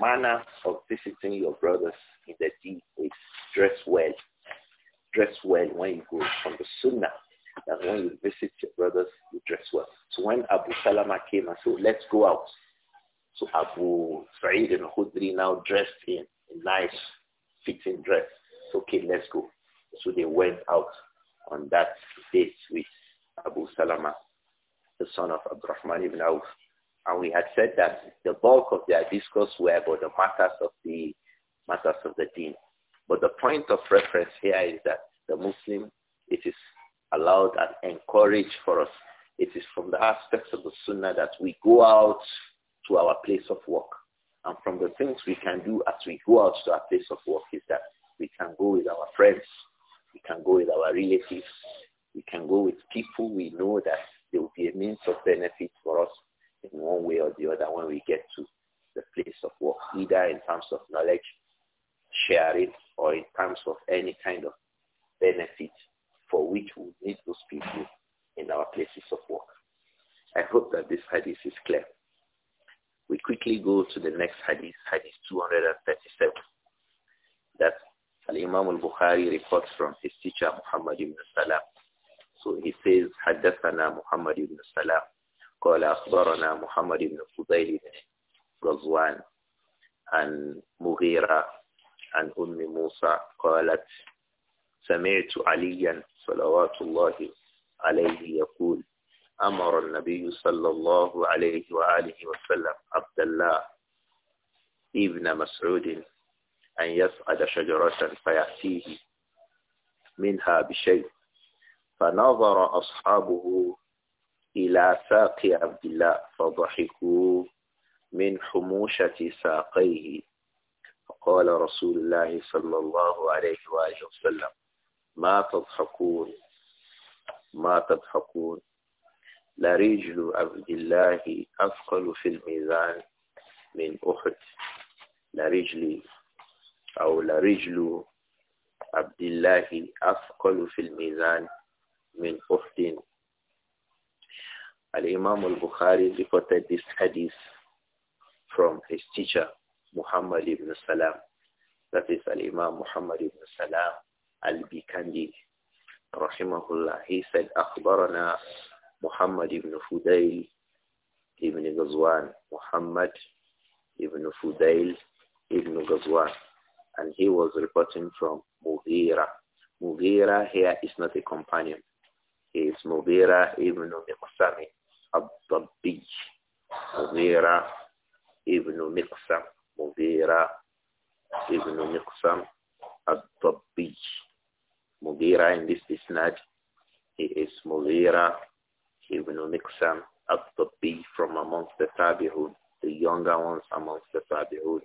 manner of visiting your brothers in the deep is dress well. Dress well when you go from the sunnah that when you visit your brothers, you dress well. So when Abu Salama came and said, let's go out. So Abu Sa'id and Khudri now dressed in a nice fitting dress. So, okay, let's go. So they went out on that date with Abu Salama, the son of Rahman, ibn Auf, and we had said that the bulk of their discourse were about the matters of the matters of the deen. But the point of reference here is that the Muslim, it is allowed and encouraged for us. It is from the aspects of the Sunnah that we go out to our place of work. And from the things we can do as we go out to our place of work is that we can go with our friends, we can go with our relatives, we can go with people we know that there will be a means of benefit for us in one way or the other when we get to the place of work, either in terms of knowledge sharing or in terms of any kind of benefit for which we need those people in our places of work. I hope that this hadith is clear. We quickly go to the next hadith, hadith 237, that Al-Imam al-Bukhari reports from his teacher Muhammad ibn Salam. So he says, حدثنا Muhammad ibn Salam, قال أخبرنا محمد بن فضيل بن غزوان عن مغيرة عن أم موسى قالت سمعت عليا صلوات الله عليه يقول أمر النبي صلى الله عليه وآله وسلم عبد الله ابن مسعود أن يصعد شجرة فيأتيه منها بشيء فنظر أصحابه إلى ساق عبد الله فضحكوا من حموشة ساقيه فقال رسول الله صلى الله عليه وآله وسلم ما تضحكون ما تضحكون لرجل عبد الله أثقل في الميزان من أحد لرجل أو لرجل عبد الله أثقل في الميزان من أحد Al-Imam al-Bukhari reported this hadith from his teacher, Muhammad ibn Salam. That is Al-Imam Muhammad ibn Salam al-Bikandi. Rahimahullah. He said, أخبرنا Muhammad ibn Fudail ibn Ghazwan. Muhammad ibn Fudail ibn Ghazwan. And he was reporting from Mughira. Mughira here is not a companion. He is Mughira ibn Muqsami. الضبي مغيرة ابن مقسم مغيرة ابن مقسم الضبي مغيرة in this isnad he is Mughira ibn Miqsam al-Tabi from amongst the Tabi'un, the younger ones amongst the Tabi'un.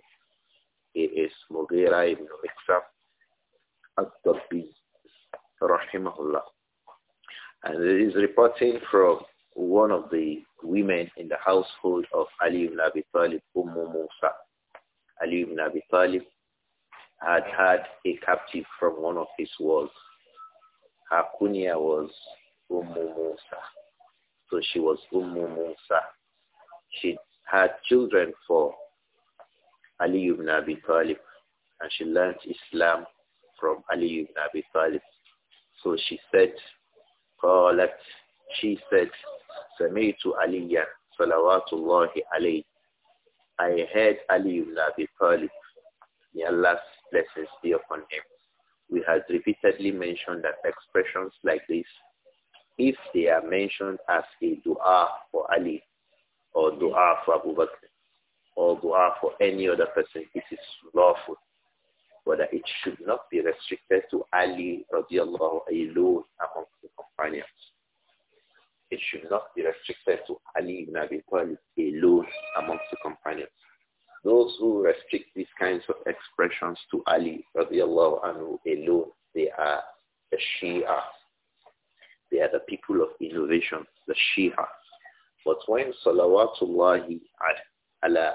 He is Mughira ibn Miqsam al-Tabi, rahimahullah. And it is reporting from one of the women in the household of Ali ibn Abi Talib, Umm Musa. Ali ibn Abi Talib had had a captive from one of his wars. Her kunya was Umm Musa. So she was Umm Musa. She had children for Ali ibn Abi Talib and she learned Islam from Ali ibn Abi Talib. So she said, she said, سمعت عليا صلوات الله عليه I heard Ali ibn Abi Talib, may Allah's blessings be upon him. We had repeatedly mentioned that expressions like this, if they are mentioned as a dua for Ali, or dua for Abu Bakr, or dua for any other person, this is lawful. But it should not be restricted to Ali radiallahu alone amongst the companions it should not be restricted to Ali ibn Abi Talib alone amongst the companions. Those who restrict these kinds of expressions to Ali radiallahu anhu alone, they are the Shia. They are the people of innovation, the Shia. But when salawatullahi ala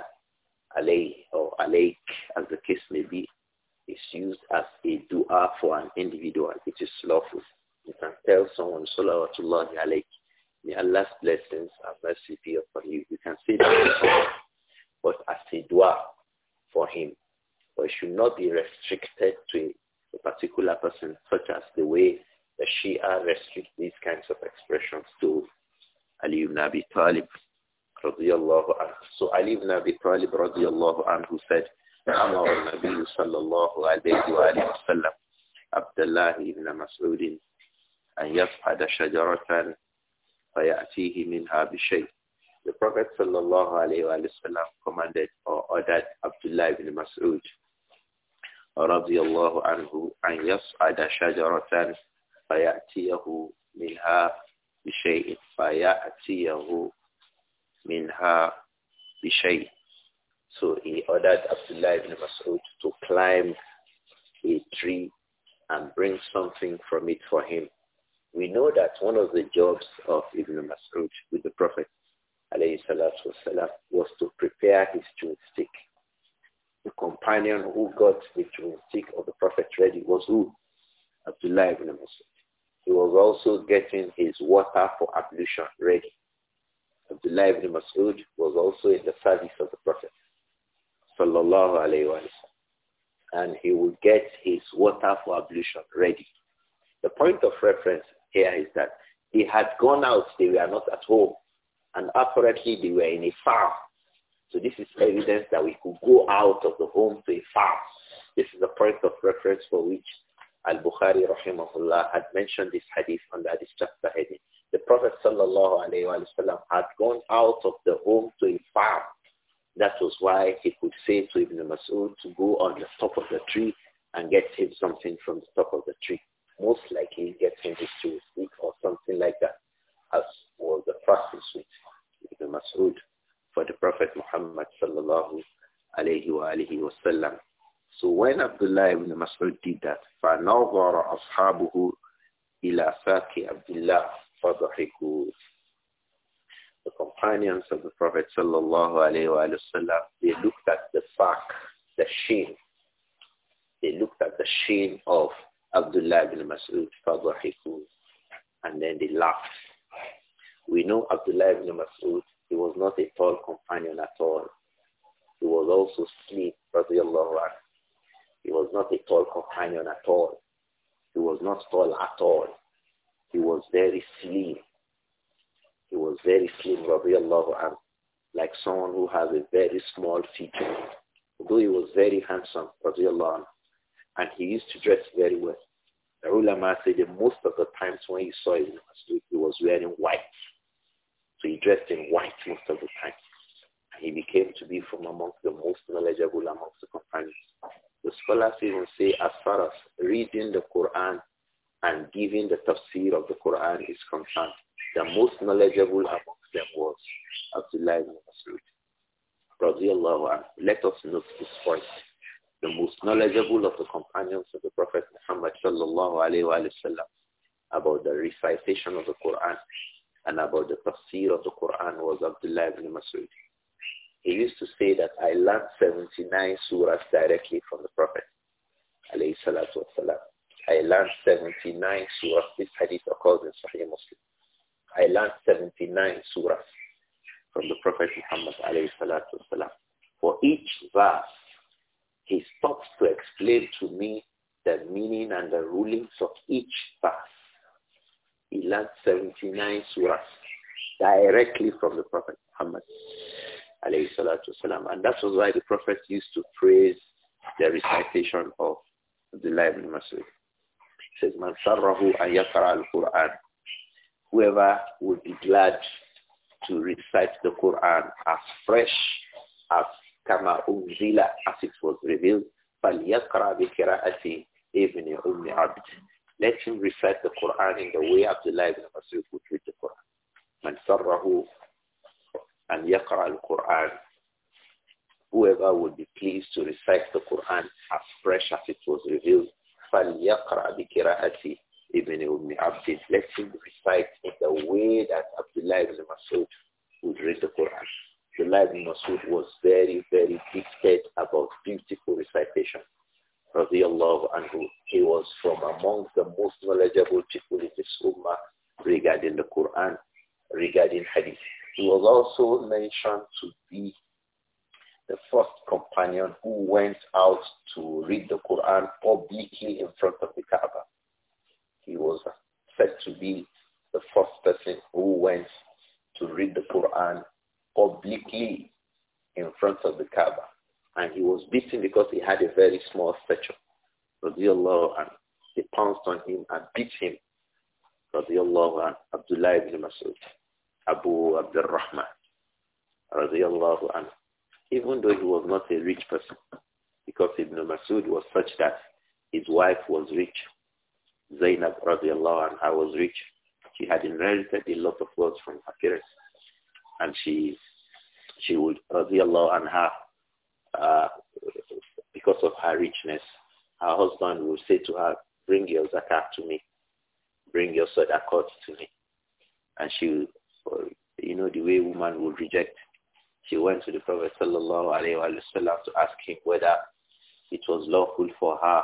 alayh or alayk, as the case may be, is used as a dua for an individual, it is lawful. You can tell someone salawatullahi alayk May Allah's blessings and mercy be upon you. You can say that, but as a dua for him. But it should not be restricted to a particular person, such as the way the Shia restrict these kinds of expressions to Ali ibn Abi Talib radiallahu anhu. So Ali ibn Abi Talib radiallahu anhu said, أمر النبي صلى الله عليه وآله وسلم عبد الله بن مسعود أن يصعد شجرة فَيَأْتِيهِ مِنْهَا بِشَيْءٍ The Prophet sallallahu commanded or ordered Abdullah ibn Mas'ud اللَّهُ عَنْهُ, أن يصعد شجرة فيأتيه منها بشيء فيأتيه منها بشيء So he ordered Abdullah ibn Mas'ud to climb a tree and bring something from it for him. We know that one of the jobs of Ibn Mas'ud with the Prophet والسلام, was to prepare his chewing stick. The companion who got the chewing stick of the Prophet ready was who? Abdullah ibn Mas'ud. He was also getting his water for ablution ready. Abdullah ibn Mas'ud was also in the service of the Prophet. Sallallahu And he would get his water for ablution ready. The point of reference here is that he had gone out, they were not at home, and apparently they were in a farm. So this is evidence that we could go out of the home to a farm. This is a point of reference for which Al-Bukhari rahimahullah had mentioned this hadith on the this chapter heading. The Prophet sallallahu alayhi wa sallam had gone out of the home to a farm. That was why he could say to Ibn Mas'ud to go on the top of the tree and get him something from the top of the tree most likely getting gets him into or something like that, as was the practice with Ibn Mas'ud for the Prophet Muhammad sallallahu alayhi wa alihi wasallam. So when Abdullah ibn Mas'ud did that, فَنَظَرَ أَصْحَابُهُ إِلَى سَاكِ عَبْدِ اللَّهِ The companions of the Prophet sallallahu alayhi wa sallam, they looked at the back, the shin. They looked at the shin of Abdullah ibn Mas'ud, And then they laughed. We know Abdullah ibn Mas'ud, he was not a tall companion at all. He was also slim, radiallahu He was not a tall companion at all. He was not tall at all. He was very slim. He was very slim, radiallahu anhu, like someone who has a very small feature. Although he was very handsome, radiallahu and he used to dress very well. The ulama said that most of the times when he saw him in the he was wearing white. So he dressed in white most of the time. And he became to be from amongst the most knowledgeable amongst the companions. The scholars even say as far as reading the Quran and giving the tafsir of the Quran is concerned, the most knowledgeable amongst them was Abdullah ibn Masud. Let us note this point the most knowledgeable of the companions of the Prophet Muhammad sallallahu alayhi wa sallam about the recitation of the Quran and about the tafsir of the Quran was Abdullah ibn Masud. He used to say that I learned 79 surahs directly from the Prophet alayhi salatu wasalam. I learned 79 surahs. This hadith occurs in Sahih Muslim. I learned 79 surahs from the Prophet Muhammad alayhi salatu wasalam. For each verse, he stops to explain to me the meaning and the rulings of each verse. He learned 79 surahs directly from the Prophet Muhammad. And that was why the Prophet used to praise the recitation of the ibn Masud. He says, Man sarrahu an al-Quran. Whoever would be glad to recite the Quran as fresh, as كما أنزل as it was revealed فليقرأ بقراءة ابن أم عبد let him recite the Quran in the way Abdullah ibn Masud would read the Quran من سره أن يقرأ القرآن whoever would be pleased to recite the Quran as fresh as it was revealed فليقرأ بقراءة ابن أم عبد let him recite in the way that Abdullah ibn Masud would read the Quran the late Masud was very, very gifted about beautiful recitation. anhu. He was from among the most knowledgeable people in this ummah regarding the Quran, regarding hadith. He was also mentioned to be the first companion who went out to read the Quran publicly in front of the Kaaba. He was said to be the first person who went to read the Quran Obliquely in front of the Kaaba. And he was beaten because he had a very small stature. Radiallahu anhu. He pounced on him and beat him. Radiallahu anhu. Abdullah ibn Masud. Abu Abdul Radiallahu anhu. Even though he was not a rich person. Because Ibn Masud was such that his wife was rich. Zainab radiallahu anha was rich. She had inherited a lot of wealth from her parents and she she would radiallahu uh, because of her richness her husband would say to her bring your zakat to me bring your sadaqat to me and she you know the way woman would reject she went to the prophet sallallahu alaihi wasallam to ask him whether it was lawful for her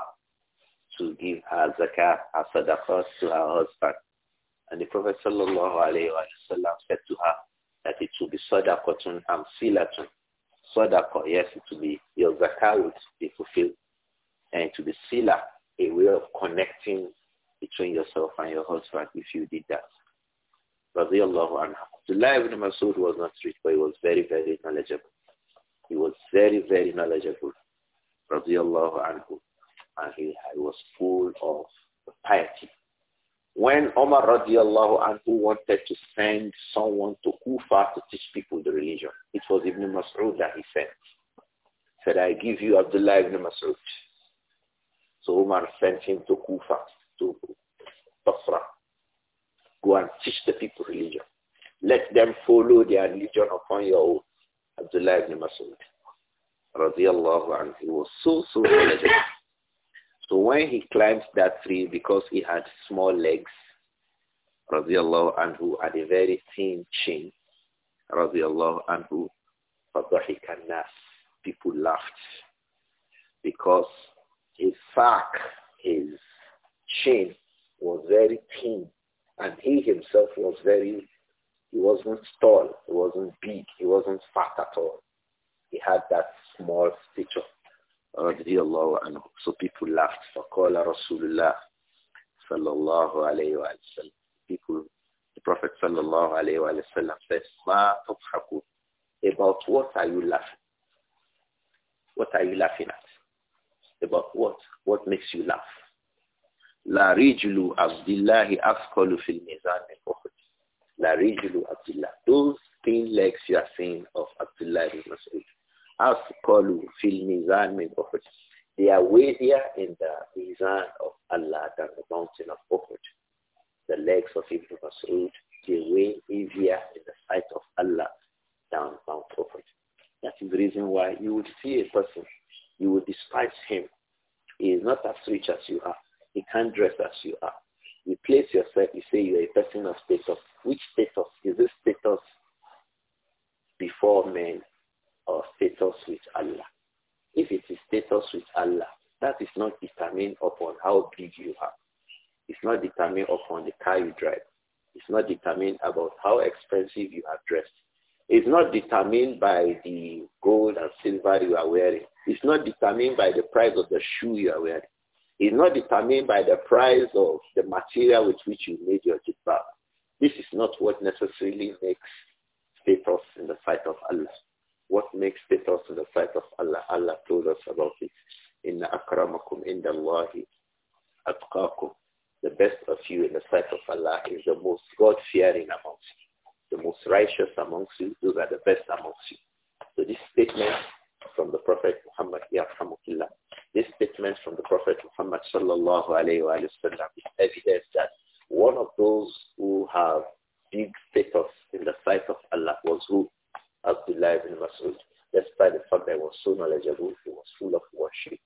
to give her zakat her sadaqat to her husband and the prophet sallallahu alaihi wasallam said to her that it will be sadaqatun and silatun. Sadaqah, yes, it will be your zakah will be fulfilled and it will be sila, a way of connecting between yourself and your husband if you did that. Radiallahu anha. Abdullah ibn Masud was not rich, but he was very, very knowledgeable. He was very, very knowledgeable. Radiallahu anhu. And he, he was full of piety. When Omar radiallahu anhu wanted to send someone to Kufa to teach people the religion, it was Ibn Mas'ud that he sent. Said, I give you Abdullah ibn Mas'ud. So Omar sent him to Kufa, to Basra. Go and teach the people religion. Let them follow their religion upon your own. Abdullah ibn Mas'ud radiallahu anhu. He was so, so religious. So when he climbed that tree because he had small legs, and who and a very thin chin, radiallahu anhu, nas, people laughed because his sack, his chin was very thin and he himself was very, he wasn't tall, he wasn't big, he wasn't fat at all. He had that small stature radiallahu anhu. So people laughed. فَقَالَ رَسُولُ اللَّهِ sallallahu alayhi wa sallam. People, the Prophet sallallahu alayhi wa sallam says, مَا تضحكوا About what are you laughing? What are you laughing at? About what? What makes you laugh? لا رجل عبد الله أثقل في الميزان من أحد. لا رجل عبد الله. Those thin legs you are seeing of Abdullah ibn Mas'ud as asqalu fil mizan min Uhud. They are weightier in the mizan of Allah than the mountain of Uhud. The legs of Ibn Mas'ud, they weigh heavier in the sight of Allah than Mount Uhud. That is the reason why you would see a person, you would despise him. He is not as rich as you are. He can't dress as you are. You place yourself, you say you're a person of status. Which status? Is this status before men or status with Allah. If it is status with Allah, that is not determined upon how big you are. It's not determined upon the car you drive. It's not determined about how expensive you are dressed. It's not determined by the gold and silver you are wearing. It's not determined by the price of the shoe you are wearing. It's not determined by the price of the material with which you made your jibab. This is not what necessarily makes status in the sight of Allah what makes status in the sight of Allah. Allah told us about it. Inna akramakum Allahi atqakum. The best of you in the sight of Allah is the most God-fearing amongst you. The most righteous amongst you, those are the best amongst you. So this statement from the Prophet Muhammad, Yahramukillah, this statement from the Prophet Muhammad sallallahu alayhi wa sallam is evidence that one of those who have big status in the sight of Allah was who? Abdullah ibn Mas'ud. Despite the fact that he was so knowledgeable, he was full of worship,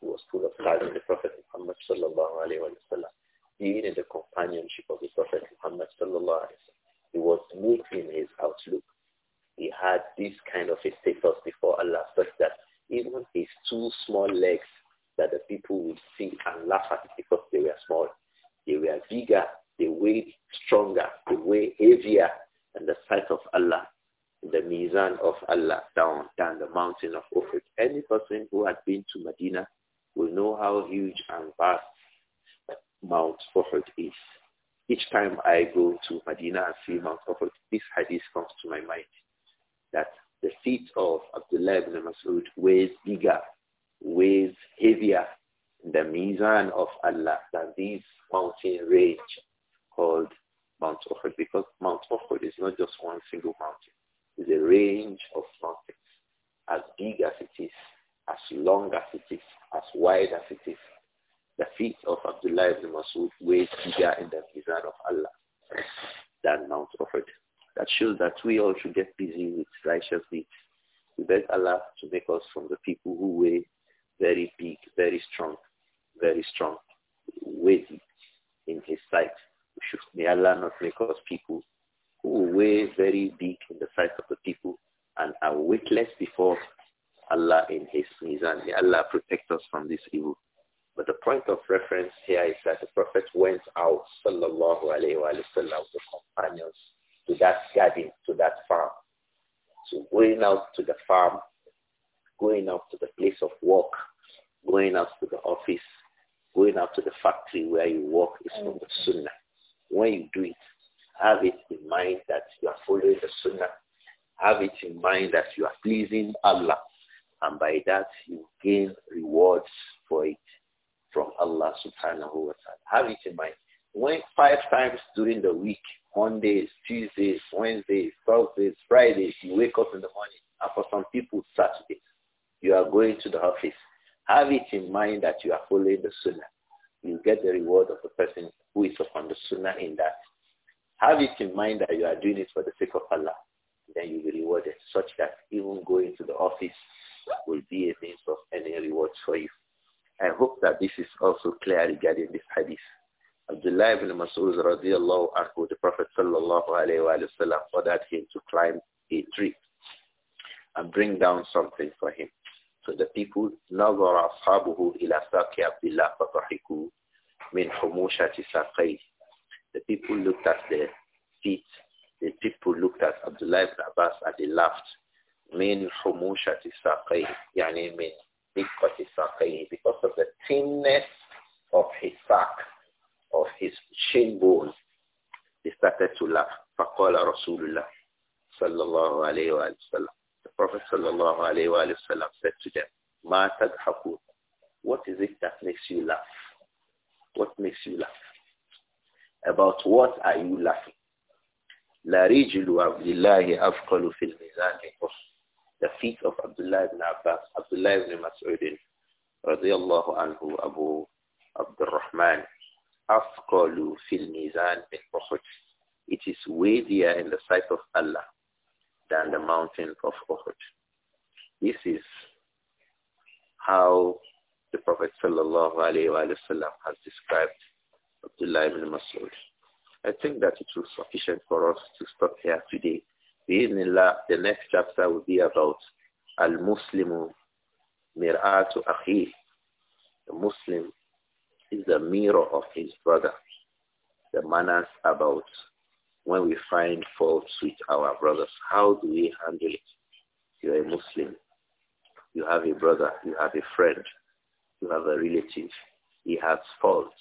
he was full of time the Prophet Muhammad sallallahu alayhi wa sallam, being in the companionship of the Prophet Muhammad sallallahu alayhi wa He was moved in his outlook. He had this kind of a status before Allah such that even his two small legs that the people would see and laugh at because they were small. They were bigger, they weighed stronger, they weighed heavier than the sight of Allah the Mizan of Allah down than the mountain of Uhud. Any person who had been to Medina will know how huge and vast Mount Uhud is. Each time I go to Medina and see Mount Uhud, this hadith comes to my mind that the feet of Abdullah ibn Mas'ud weighs bigger, weighs heavier in the Mizan of Allah than this mountain range called Mount Uhud because Mount Uhud is not just one single mountain is a range of mountains, as big as it is, as long as it is, as wide as it is. The feet of Abdullah ibn Masud weigh bigger in the mizan of Allah than Mount Uhud. That shows that we all should get busy with righteous deeds. We beg Allah to make us from the people who weigh very big, very strong, very strong, weighty in his sight. may Allah not make us people who weigh very big in the sight of the people and are weightless before Allah in his Mizan. May Allah protect us from this evil. But the point of reference here is that the Prophet went out, sallallahu alayhi wa sallam, the companions to that garden, to that farm. So going out to the farm, going out to the place of work, going out to the office, going out to the factory where you work is from the sunnah. When you do it, have it in mind that you are following the Sunnah. Have it in mind that you are pleasing Allah. And by that, you gain rewards for it from Allah subhanahu wa ta'ala. Have it in mind. When five times during the week, Mondays, Tuesdays, Wednesdays, Thursdays, Fridays, you wake up in the morning. And for some people, Saturdays, you are going to the office. Have it in mind that you are following the Sunnah. You get the reward of the person who is upon the Sunnah in that. Have it in mind that you are doing it for the sake of Allah. Then you'll be rewarded such that even going to the office will be a means of earning rewards for you. I hope that this is also clear regarding this hadith. Abdullah ibn Mas'ud radiallahu anhu, the Prophet sallallahu alayhi wa sallam ordered him to climb a tree and bring down something for him. So the people, نظر أصحابه إلى سَاقِي عبد الله فضحكوا من حموشة ساقيه looked at the feet. The people looked at Abdullah ibn Abbas and they laughed. Min humushati saqayh, yani min dikkati saqayh, because of the thinness of his sack, of his shin bone. They started to laugh. فقال رسول الله صلى الله عليه The Prophet صلى الله عليه وسلم said to them, ما تضحكون what are you lacking? La rijlu Abdullahi afqalu fil mizan The feet of Abdullah ibn Abbas, Abdullah ibn Mas'ud, radiyallahu anhu, Abu Abdurrahman, afqalu fil mizan min Uhud. It is weightier in the sight of Allah than the mountain of Uhud. This is how the Prophet sallallahu alayhi wa has described Abdullah ibn Mas'ud think that it will sufficient for us to stop here today. Bismillah, the next chapter will be about Al-Muslimu Mir'atu Akhi. The Muslim is the mirror of his brother. The manners about when we find faults with our brothers, how do we handle it? You're a Muslim. You have a brother. You have a friend. You have a relative. He has faults.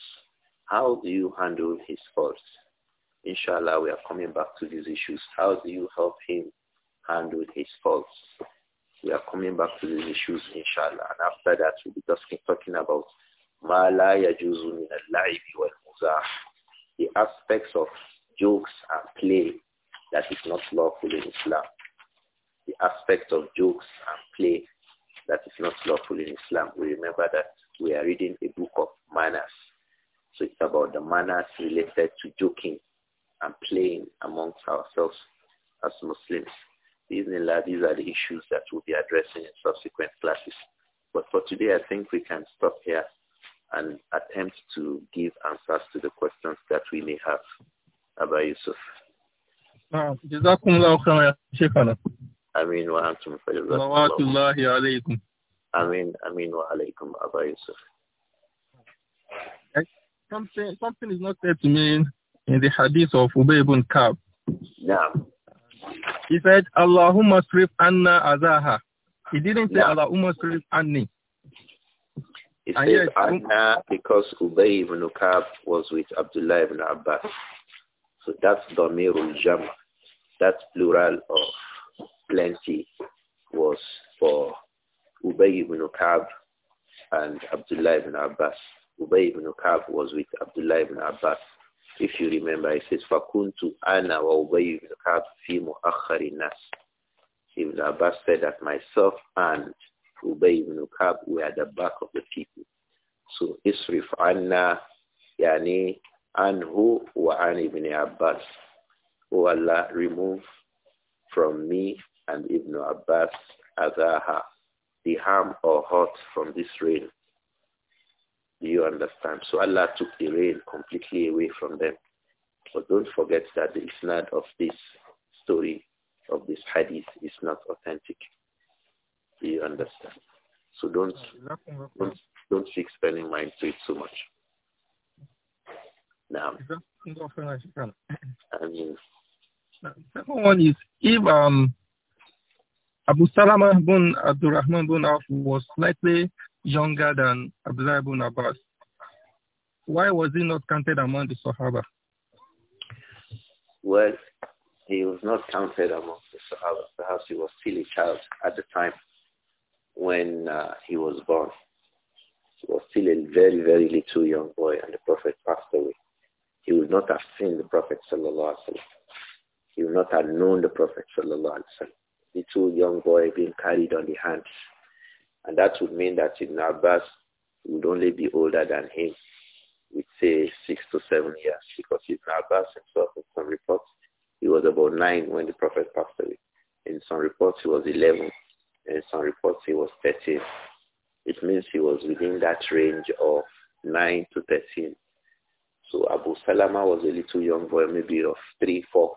How do you handle his faults? Inshallah, we are coming back to these issues. How do you help him handle his faults? We are coming back to these issues, inshallah. And after that, we'll be just talking about ma la laib muzah the aspects of jokes and play that is not lawful in Islam. The aspects of jokes and play that is not lawful in Islam. We remember that we are reading a book of manners. So it's about the manners related to joking and playing amongst ourselves as Muslims. These are the issues that we'll be addressing in subsequent classes. But for today, I think we can stop here and attempt to give answers to the questions that we may have. Abba Yusuf. جزاكم الله خيرا يا شيخنا امين وانتم فجزاكم الله صلوات الله something something is not clear to me in the hadith of Ubay ibn Kab. Yeah. He said, Allahumma strip anna azaha. He didn't say yeah. Allahumma strip anni. He said anna because Ubay ibn Kab was with Abdullah ibn Abbas. So that's Damirul jam'a. That plural of plenty was for Ubay ibn Kab and Abdullah ibn Abbas. Ubay ibn Kab was with Abdullah ibn Abbas. If you remember, it says, فَكُنْتُ أَنَا وَأُبَيُّ بْنُ كَعْبٍ فِي مُؤَخَّرِ النَّاسِ Ibn Abbas said that myself and Ubay ibn Kab were at the back of the people. So Isrif anna yani anhu wa an ibn Abbas. O Allah, remove from me and Ibn Abbas azaha, the harm or hurt from this rain. Do you understand? So Allah took the rain completely away from them. But don't forget that the isnad of this story, of this hadith, is not authentic. Do you understand? So don't, don't, don't fix spending mind to it so much. Now. I mean, second one is if um, Abu Salama bin Abdurrahman bin Auf was slightly younger than Abdullah ibn Abbas. Why was he not counted among the Sahaba? Well, he was not counted among the Sahaba. Perhaps he was still a child at the time when uh, he was born. He was still a very, very little young boy and the Prophet passed away. He would not have seen the Prophet sallallahu alaihi wasallam. He would not have known the Prophet sallallahu alaihi wasallam. Little young boy being carried on the hands and that would mean that Ibn Abbas would only be older than him, we'd say six to seven years, because Ibn Abbas himself, in some reports, he was about nine when the Prophet passed away. In some reports, he was 11. In some reports, he was 13. It means he was within that range of 9 to 13. So Abu Salama was a little young boy, maybe of 3, 4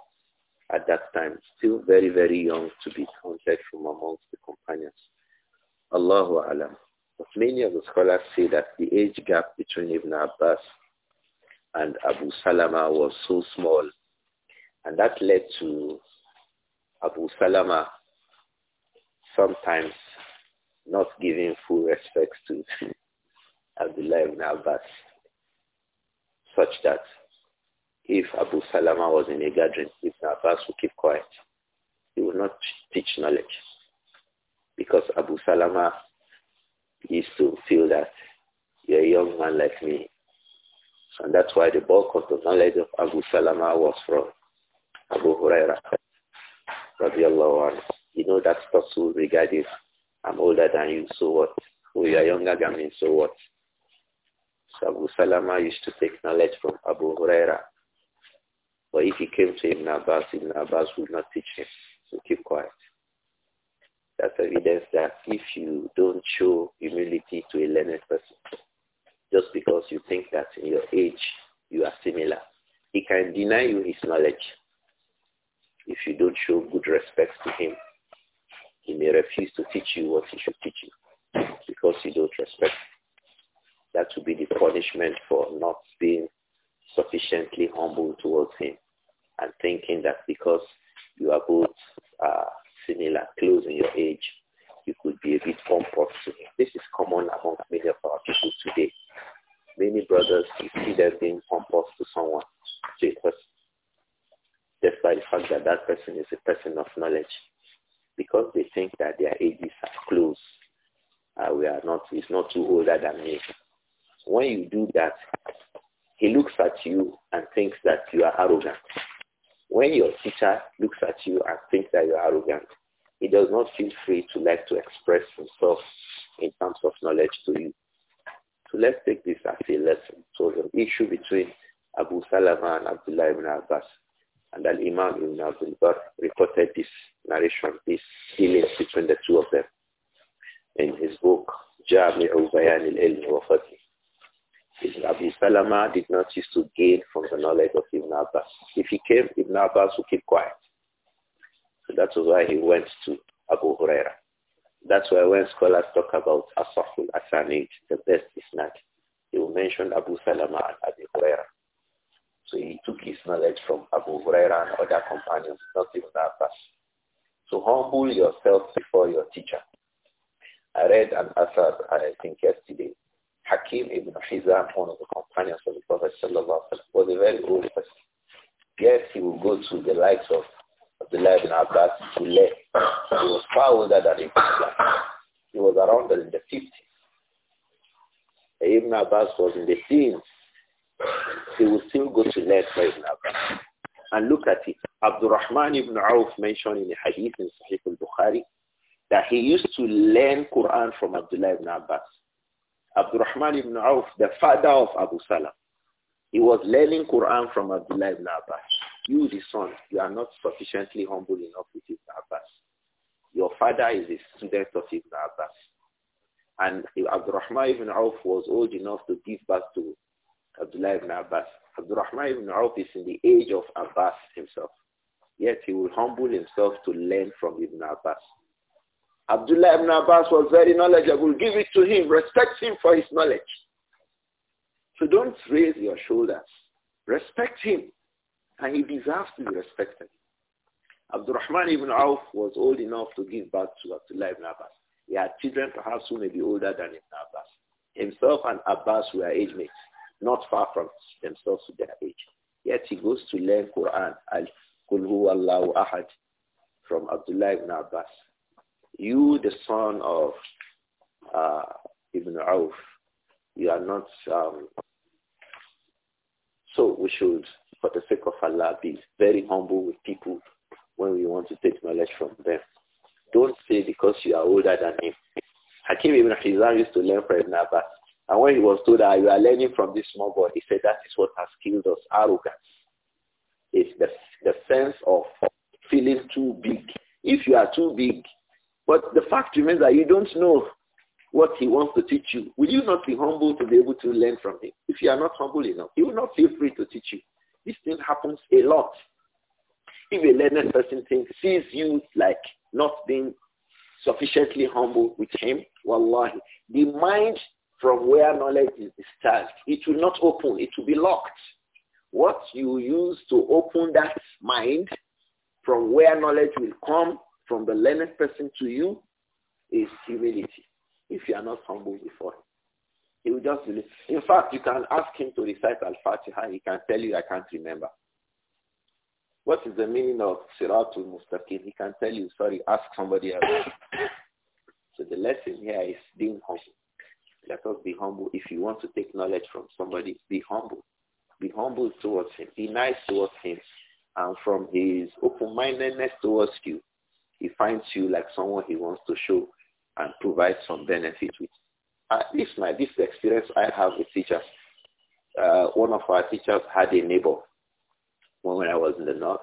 at that time. Still very, very young to be counted from amongst the companions. Allahu alam. But many of the scholars say that the age gap between Ibn Abbas and Abu Salama was so small, and that led to Abu Salama sometimes not giving full respect to Abdullah ibn Abbas, such that if Abu Salama was in a gathering, Ibn Abbas would keep quiet. He would not teach knowledge. Because Abu Salama used to feel that you're a young man like me. And that's why the bulk of the knowledge of Abu Salama was from Abu Huraira. You know that possible regarding I'm older than you, so what? Oh, you're younger than me, so what? So Abu Salama used to take knowledge from Abu Huraira. But if he came to Ibn Abbas, Ibn Abbas would not teach him. So keep quiet. That's evidence that if you don't show humility to a learned person, just because you think that in your age you are similar, he can deny you his knowledge. If you don't show good respect to him, he may refuse to teach you what he should teach you because you don't respect. That would be the punishment for not being sufficiently humble towards him and thinking that because you are both uh, similar, close in your age, you could be a bit pompous. This is common among many of our people today. Many brothers, you see them being pompous to someone, to a person, just by the fact that that person is a person of knowledge, because they think that their ages are close. Uh, we are not, he's not too older than me. When you do that, he looks at you and thinks that you are arrogant. When your teacher looks at you and thinks that you're arrogant, he does not feel free to like to express himself in terms of knowledge to you. So let's take this as a lesson. So the issue between Abu Salama and Abdullah ibn Abbas and Al-Imam ibn Abdul Bar reported this narration, this dealings between the two of them in his book, Jami'u Bayan al-Ilm wa Fadli. Abu Salama did not used to gain from the knowledge of Ibn Abbas. If he came, Ibn Abbas would keep quiet. So that was why he went to Abu Huraira. That's why when scholars talk about Asaful Asanid, the best is not. They will mention Abu Salama and Abu Huraira. So he took his knowledge from Abu Huraira and other companions, not Ibn Abbas. So humble yourself before your teacher. I read an asar, I think yesterday, Hakim ibn Hizam, one of the companions of the Prophet sallallahu was a very old person. Yet he would go to the likes of Abdullah ibn Abbas to learn. He was far older than him. He was around in the 50s. Ibn Abbas was in the teens. He would still go to learn by Ibn Abbas. And look at it. Abdurrahman ibn Auf mentioned in the hadith in Sahih al-Bukhari that he used to learn Quran from Abdullah ibn Abbas. Abdurrahman ibn Auf, the father of Abu Salam, he was learning Quran from Abdullah ibn Abbas. You, the son, you are not sufficiently humble enough with Ibn Abbas. Your father is a student of Ibn Abbas. And Abdurrahman ibn Auf was old enough to give birth to Abdullah ibn Abbas. Abdurrahman ibn Auf is in the age of Abbas himself. Yet he will humble himself to learn from Ibn Abbas. Abdullah ibn Abbas was very knowledgeable. Give it to him. Respect him for his knowledge. So don't raise your shoulders. Respect him. And he deserves to be respected. Abdurrahman ibn Auf was old enough to give birth to Abdullah ibn Abbas. He had children perhaps who may be older than Ibn Abbas. Himself and Abbas were age mates, not far from themselves to their age. Yet he goes to learn Quran, Al-Qul Allahu Ahad, from Abdullah ibn Abbas. You, the son of uh, Ibn Auf, you are not... Um, so we should, for the sake of Allah, be very humble with people when we want to take knowledge from them. Don't say because you are older than him. Hakim ibn Hizam used to learn from Ibn Abbas. And when he was told that you are learning from this small boy, he said that is what has killed us, arrogance. It's the, the sense of feeling too big. If you are too big, but the fact remains that you don't know what he wants to teach you. Will you not be humble to be able to learn from him? If you are not humble enough, he will not feel free to teach you. This thing happens a lot. If a learned person thinks, sees you like not being sufficiently humble with him, wallahi, the mind from where knowledge is discharged, it will not open. It will be locked. What you use to open that mind from where knowledge will come from the learned person to you is humility. If you are not humble before him, he will just believe. In fact, you can ask him to recite Al-Fatiha. He can tell you, I can't remember. What is the meaning of Siratul Mustaqim? He can tell you, sorry, ask somebody else. so the lesson here is being humble. Let us be humble. If you want to take knowledge from somebody, be humble. Be humble towards him. Be nice towards him. And from his open-mindedness towards you, he finds you like someone he wants to show and provide some benefit with. At uh, least my this experience I have with teachers. Uh, one of our teachers had a neighbor when I was in the north.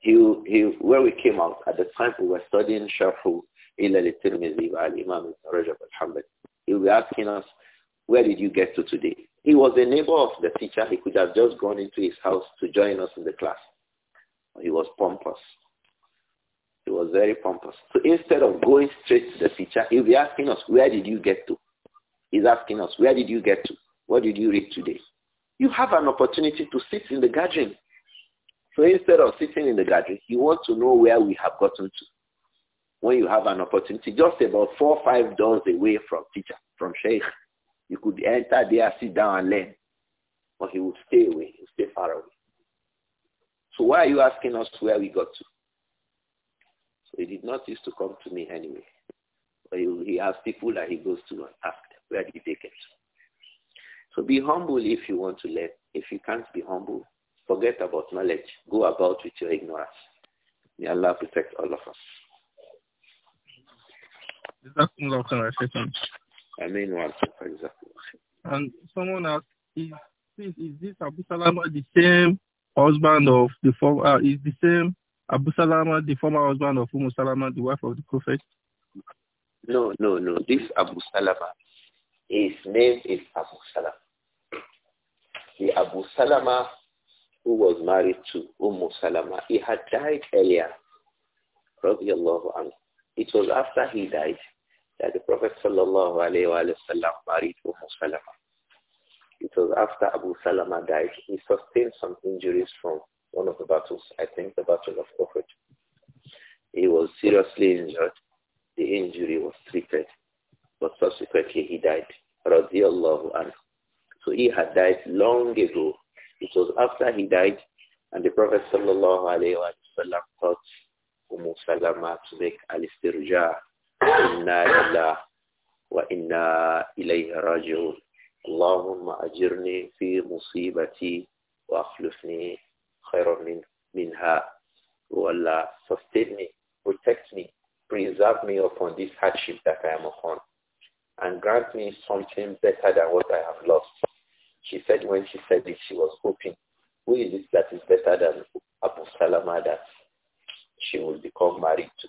He, he, where we came out at the time we were studying Sharhu Ila al Imam Rajab al He was asking us, where did you get to today? He was a neighbor of the teacher. He could have just gone into his house to join us in the class. He was pompous was very pompous. So instead of going straight to the teacher, he'll be asking us, where did you get to? He's asking us, where did you get to? What did you read today? You have an opportunity to sit in the gathering. So instead of sitting in the gathering, you want to know where we have gotten to. When you have an opportunity, just about four or five doors away from teacher, from sheikh, you could enter there, sit down and learn. But he would stay away. He would stay far away. So why are you asking us where we got to? He did not used to come to me anyway. But he, he has people that he goes to and asks, where did they get? So be humble if you want to learn. If you can't be humble, forget about knowledge. Go about with your ignorance. May Allah protect all of us. Amen. And someone asked, is, is this Abu Salama the same husband of the former, uh, is the same Abu Salama, the former husband of Umm Salama, the wife of the Prophet? No, no, no. This Abu Salama, his name is Abu Salama. The Abu Salama who was married to Umm Salama, he had died earlier. It was after he died that the Prophet sallallahu alayhi wa sallam married Umm Salama. It was after Abu Salama died, he sustained some injuries from one of the battles, I think the Battle of Uhud. He was seriously injured. The injury was treated, but subsequently he died. Radiallahu So he had died long ago. It was after he died, and the Prophet sallallahu Alaihi Wasallam sallam taught Umm Salama to make al Inna lillah wa inna ilayhi raji'un. Ajirni Fi Musibati Wa وأخلفني خَيْرًا مِنْ مِنْهَا O Allah, sustain me, protect me, preserve me upon this hardship that I am upon, and grant me something better than what I have lost. She said when she said this, she was hoping, who is it that is better than Abu Salama that she will become married to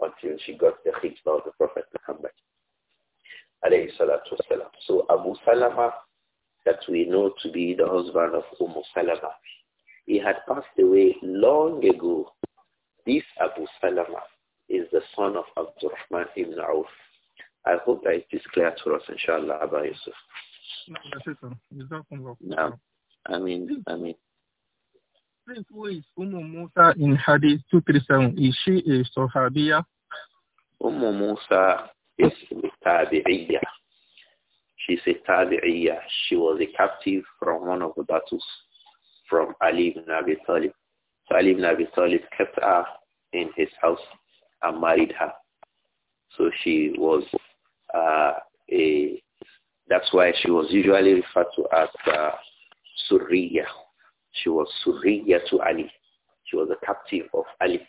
until she got the khidmah of the Prophet Muhammad. So Abu Salama that we know to be the husband of Umm Salama, he had passed away long ago. This Abu Salama is the son of Abdurrahman ibn Auf. I hope that it is clear to us, inshallah, Abba Yusuf. No, no, I mean, I mean. Please, who is Umm Musa in Hadith 237? Is she a Sahabiya? Umm Musa is a Tabi'iyya. She's a Tabi'iyya. She was a captive from one of the battles from Ali ibn Abi Talib. So Ali ibn Abi Talib kept her in his house and married her. So she was uh, a, that's why she was usually referred to as uh, Surriya. She was Surriya to Ali. She was a captive of Ali,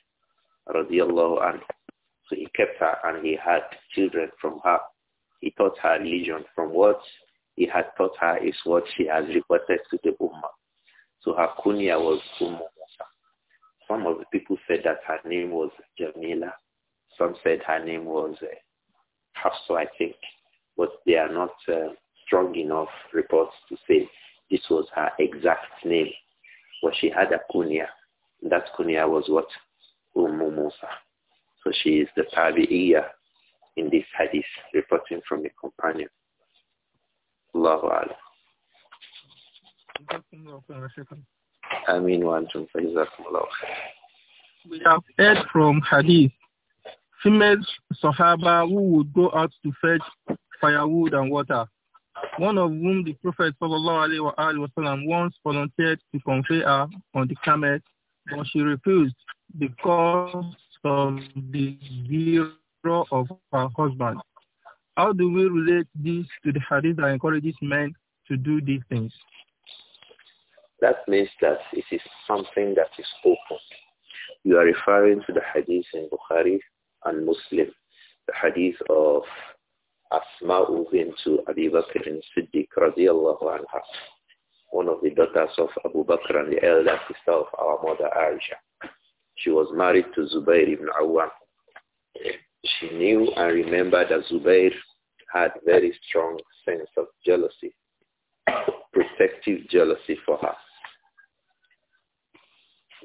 radiallahu anhu. So he kept her and he had children from her. He taught her religion from what he had taught her is what she has reported to the Ummah. So her kunya was Umm Musa. Some of the people said that her name was Jamila. Some said her name was uh, Hafsa, I think. But they are not uh, strong enough reports to say this was her exact name. But she had a kunya. That kunya was what? Umm Musa. So she is the Tabi'iyah in this hadith, reporting from the companion. Allahu Alam. I mean, one We have heard from Hadith, female Sahaba who would go out to fetch firewood and water, one of whom the Prophet wasallam once volunteered to convey her on the camel, but she refused because of the zero of her husband. How do we relate this to the hadith that encourages men to do these things? That means that it is something that is open. You are referring to the hadith in Bukhari and Muslim, the hadith of Asma to Abu Bakr and Siddiq radiallahu anha, one of the daughters of Abu Bakr and the elder sister of our mother Aisha. She was married to Zubair ibn Awam. She knew and remembered that Zubair had very strong sense of jealousy, protective jealousy for her.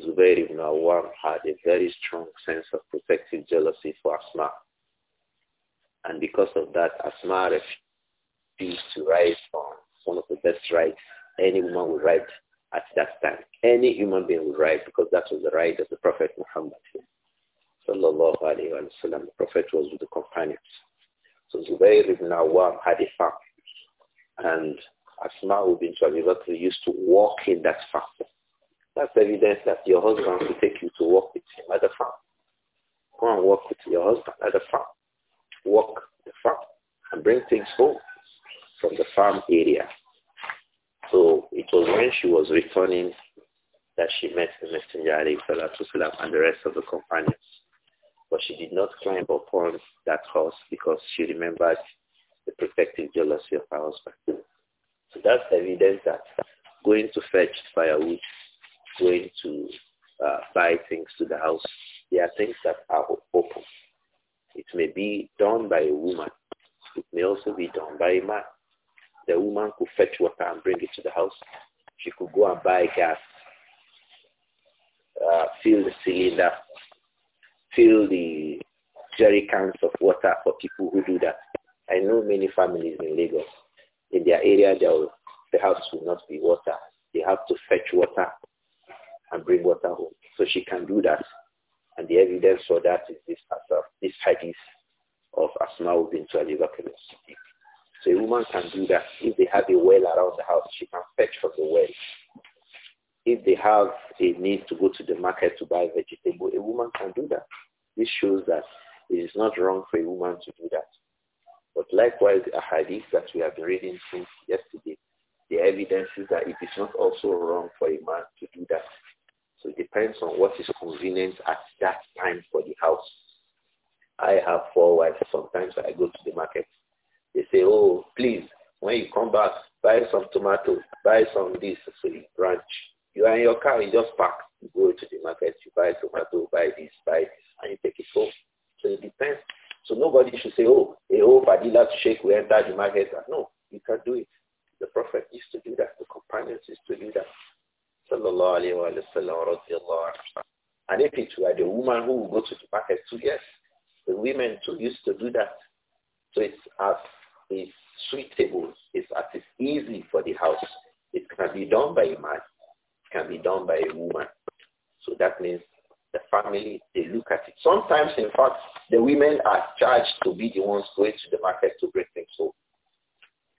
Zubair ibn Awam had a very strong sense of protective jealousy for Asma. And because of that, Asma refused to ride on one of the best rides any woman would ride at that time. Any human being would ride because that was the ride of the Prophet Muhammad. Sallallahu alayhi wa sallam. The Prophet was with the companions. So Zubair ibn Awam had a farm. And Asma ibn Abi Bakr used to walk in that farm. That's evidence that your husband will take you to work with him at the farm. Go and work with your husband at the farm. Work the farm and bring things home from the farm area. So it was when she was returning that she met the Messenger والسلام, and the rest of the companions. But she did not climb upon that horse because she remembered the protective jealousy of her husband. So that's evidence that going to fetch firewood going to uh, buy things to the house. There are things that are open. It may be done by a woman. It may also be done by a man. The woman could fetch water and bring it to the house. She could go and buy gas, uh, fill the cylinder, fill the jerry cans of water for people who do that. I know many families in Lagos. In their area, the house will not be water. They have to fetch water and bring water home. So she can do that. And the evidence for that is this asaf, this hadith of Asma bin Abi Bakr So a woman can do that. If they have a well around the house, she can fetch from the well. If they have a need to go to the market to buy vegetable, a woman can do that. This shows that it is not wrong for a woman to do that. But likewise, a hadith that we have been reading since yesterday, the evidence is that it is not also wrong for a man to do that so it depends on what is convenient at that time for the house. I have four wives. Sometimes I go to the market. They say, oh, please, when you come back, buy some tomato, buy some this, so you branch. You are in your car, you just park, you go to the market, you buy tomato, buy this, buy this, and you take it home. So it depends. So nobody should say, oh, a whole padilla to shake, we enter the market. No, you can do it. The prophet used to do that. The companions used to do that sallallahu alayhi wa sallam, And if it were the woman who would go to the market too, yes, the women too used to do that. So it's as it's suitable, it's as it's easy for the house. It can be done by a man, it can be done by a woman. So that means the family, they look at it. Sometimes, in fact, the women are charged to be the ones going to the market to bring things home.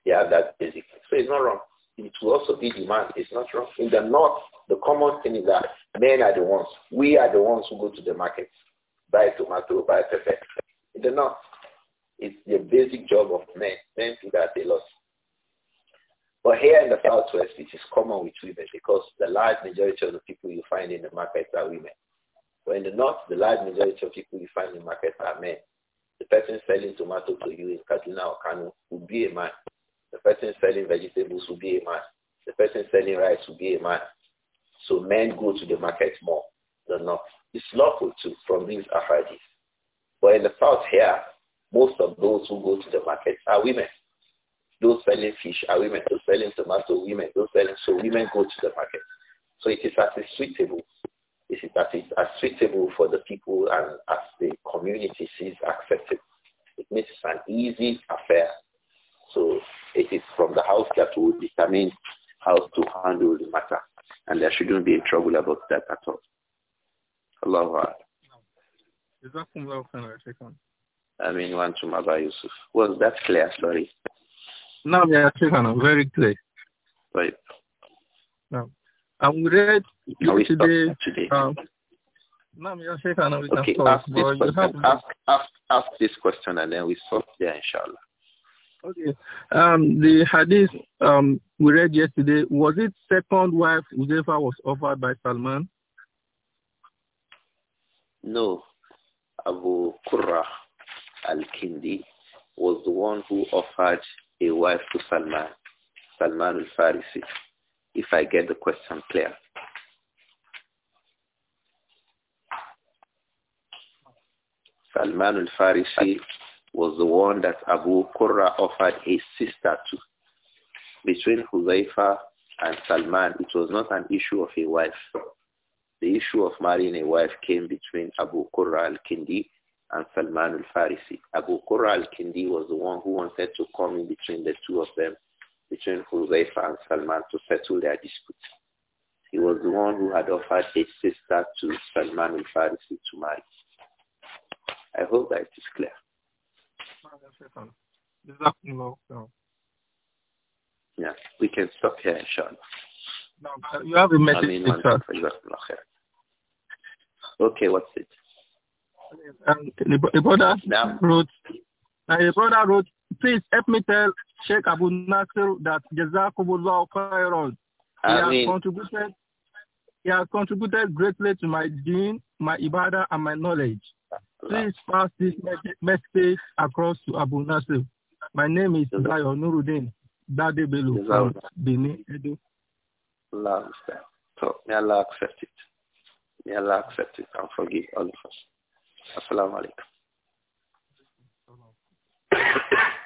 yeah, that's that basic. So it's not wrong it will also be demand. It's natural. In the north, the common thing is that men are the ones. We are the ones who go to the markets, buy tomato, buy pepper. In the north, it's the basic job of men. Men do that a lot. But here in the southwest, it is common with women because the large majority of the people you find in the market are women. But in the north, the large majority of people you find in the market are men. The person selling tomato to you in Kaduna or Kano would be a man. The person selling vegetables will be a man. The person selling rice will be a man. So men go to the market more than not. It's lawful too from these ahadith. But in the south here, most of those who go to the market are women. Those selling fish are women. Those selling tomato, women. Those selling so women go to the market. So it is as suitable. It is that it's as suitable for the people and as the community sees accepted. It makes it an easy affair. So it is from the house that will determine how to handle the matter. And there shouldn't be trouble about that at all. Is Allahu Akbar. I mean, one to Maba Yusuf. Well, that's clear? Sorry. No, yeah, very clear. Right. No. And we read we today. today. Um, no, yeah, okay, ask this, question, ask, ask, ask this question and then we stop there, inshallah. Okay. Um, the hadith um, we read yesterday, was it second wife Uzaifa was offered by Salman? No. Abu Qurra al-Kindi was the one who offered a wife to Salman, Salman al-Farisi, if I get the question clear. Salman al-Farisi was the one that Abu Qurra offered his sister to. Between Huzaifa and Salman, it was not an issue of a wife. The issue of marrying a wife came between Abu Qurra al-Kindi and Salman al-Farisi. Abu Qurra al-Kindi was the one who wanted to come in between the two of them, between Huzaifa and Salman to settle their dispute. He was the one who had offered his sister to Salman al-Farisi to marry. I hope that it is clear. Yeah, we can stop here, inshallah. No, you have a message I mean, Okay, what's it? Um, the brother yeah. wrote, uh, the brother wrote, please help me tell Sheikh Abu Nasser that Jazakumullah Khairan. He has contributed. He has contributed greatly to my deen, my ibadah, and my knowledge. Please pass this message across to Abu Nasir. My name is Dayo Nuruddin Dade Belu from Benin, Edo. Allah understand. So may Allah accept it. May Allah accept it and forgive all of us. Assalamu alaikum.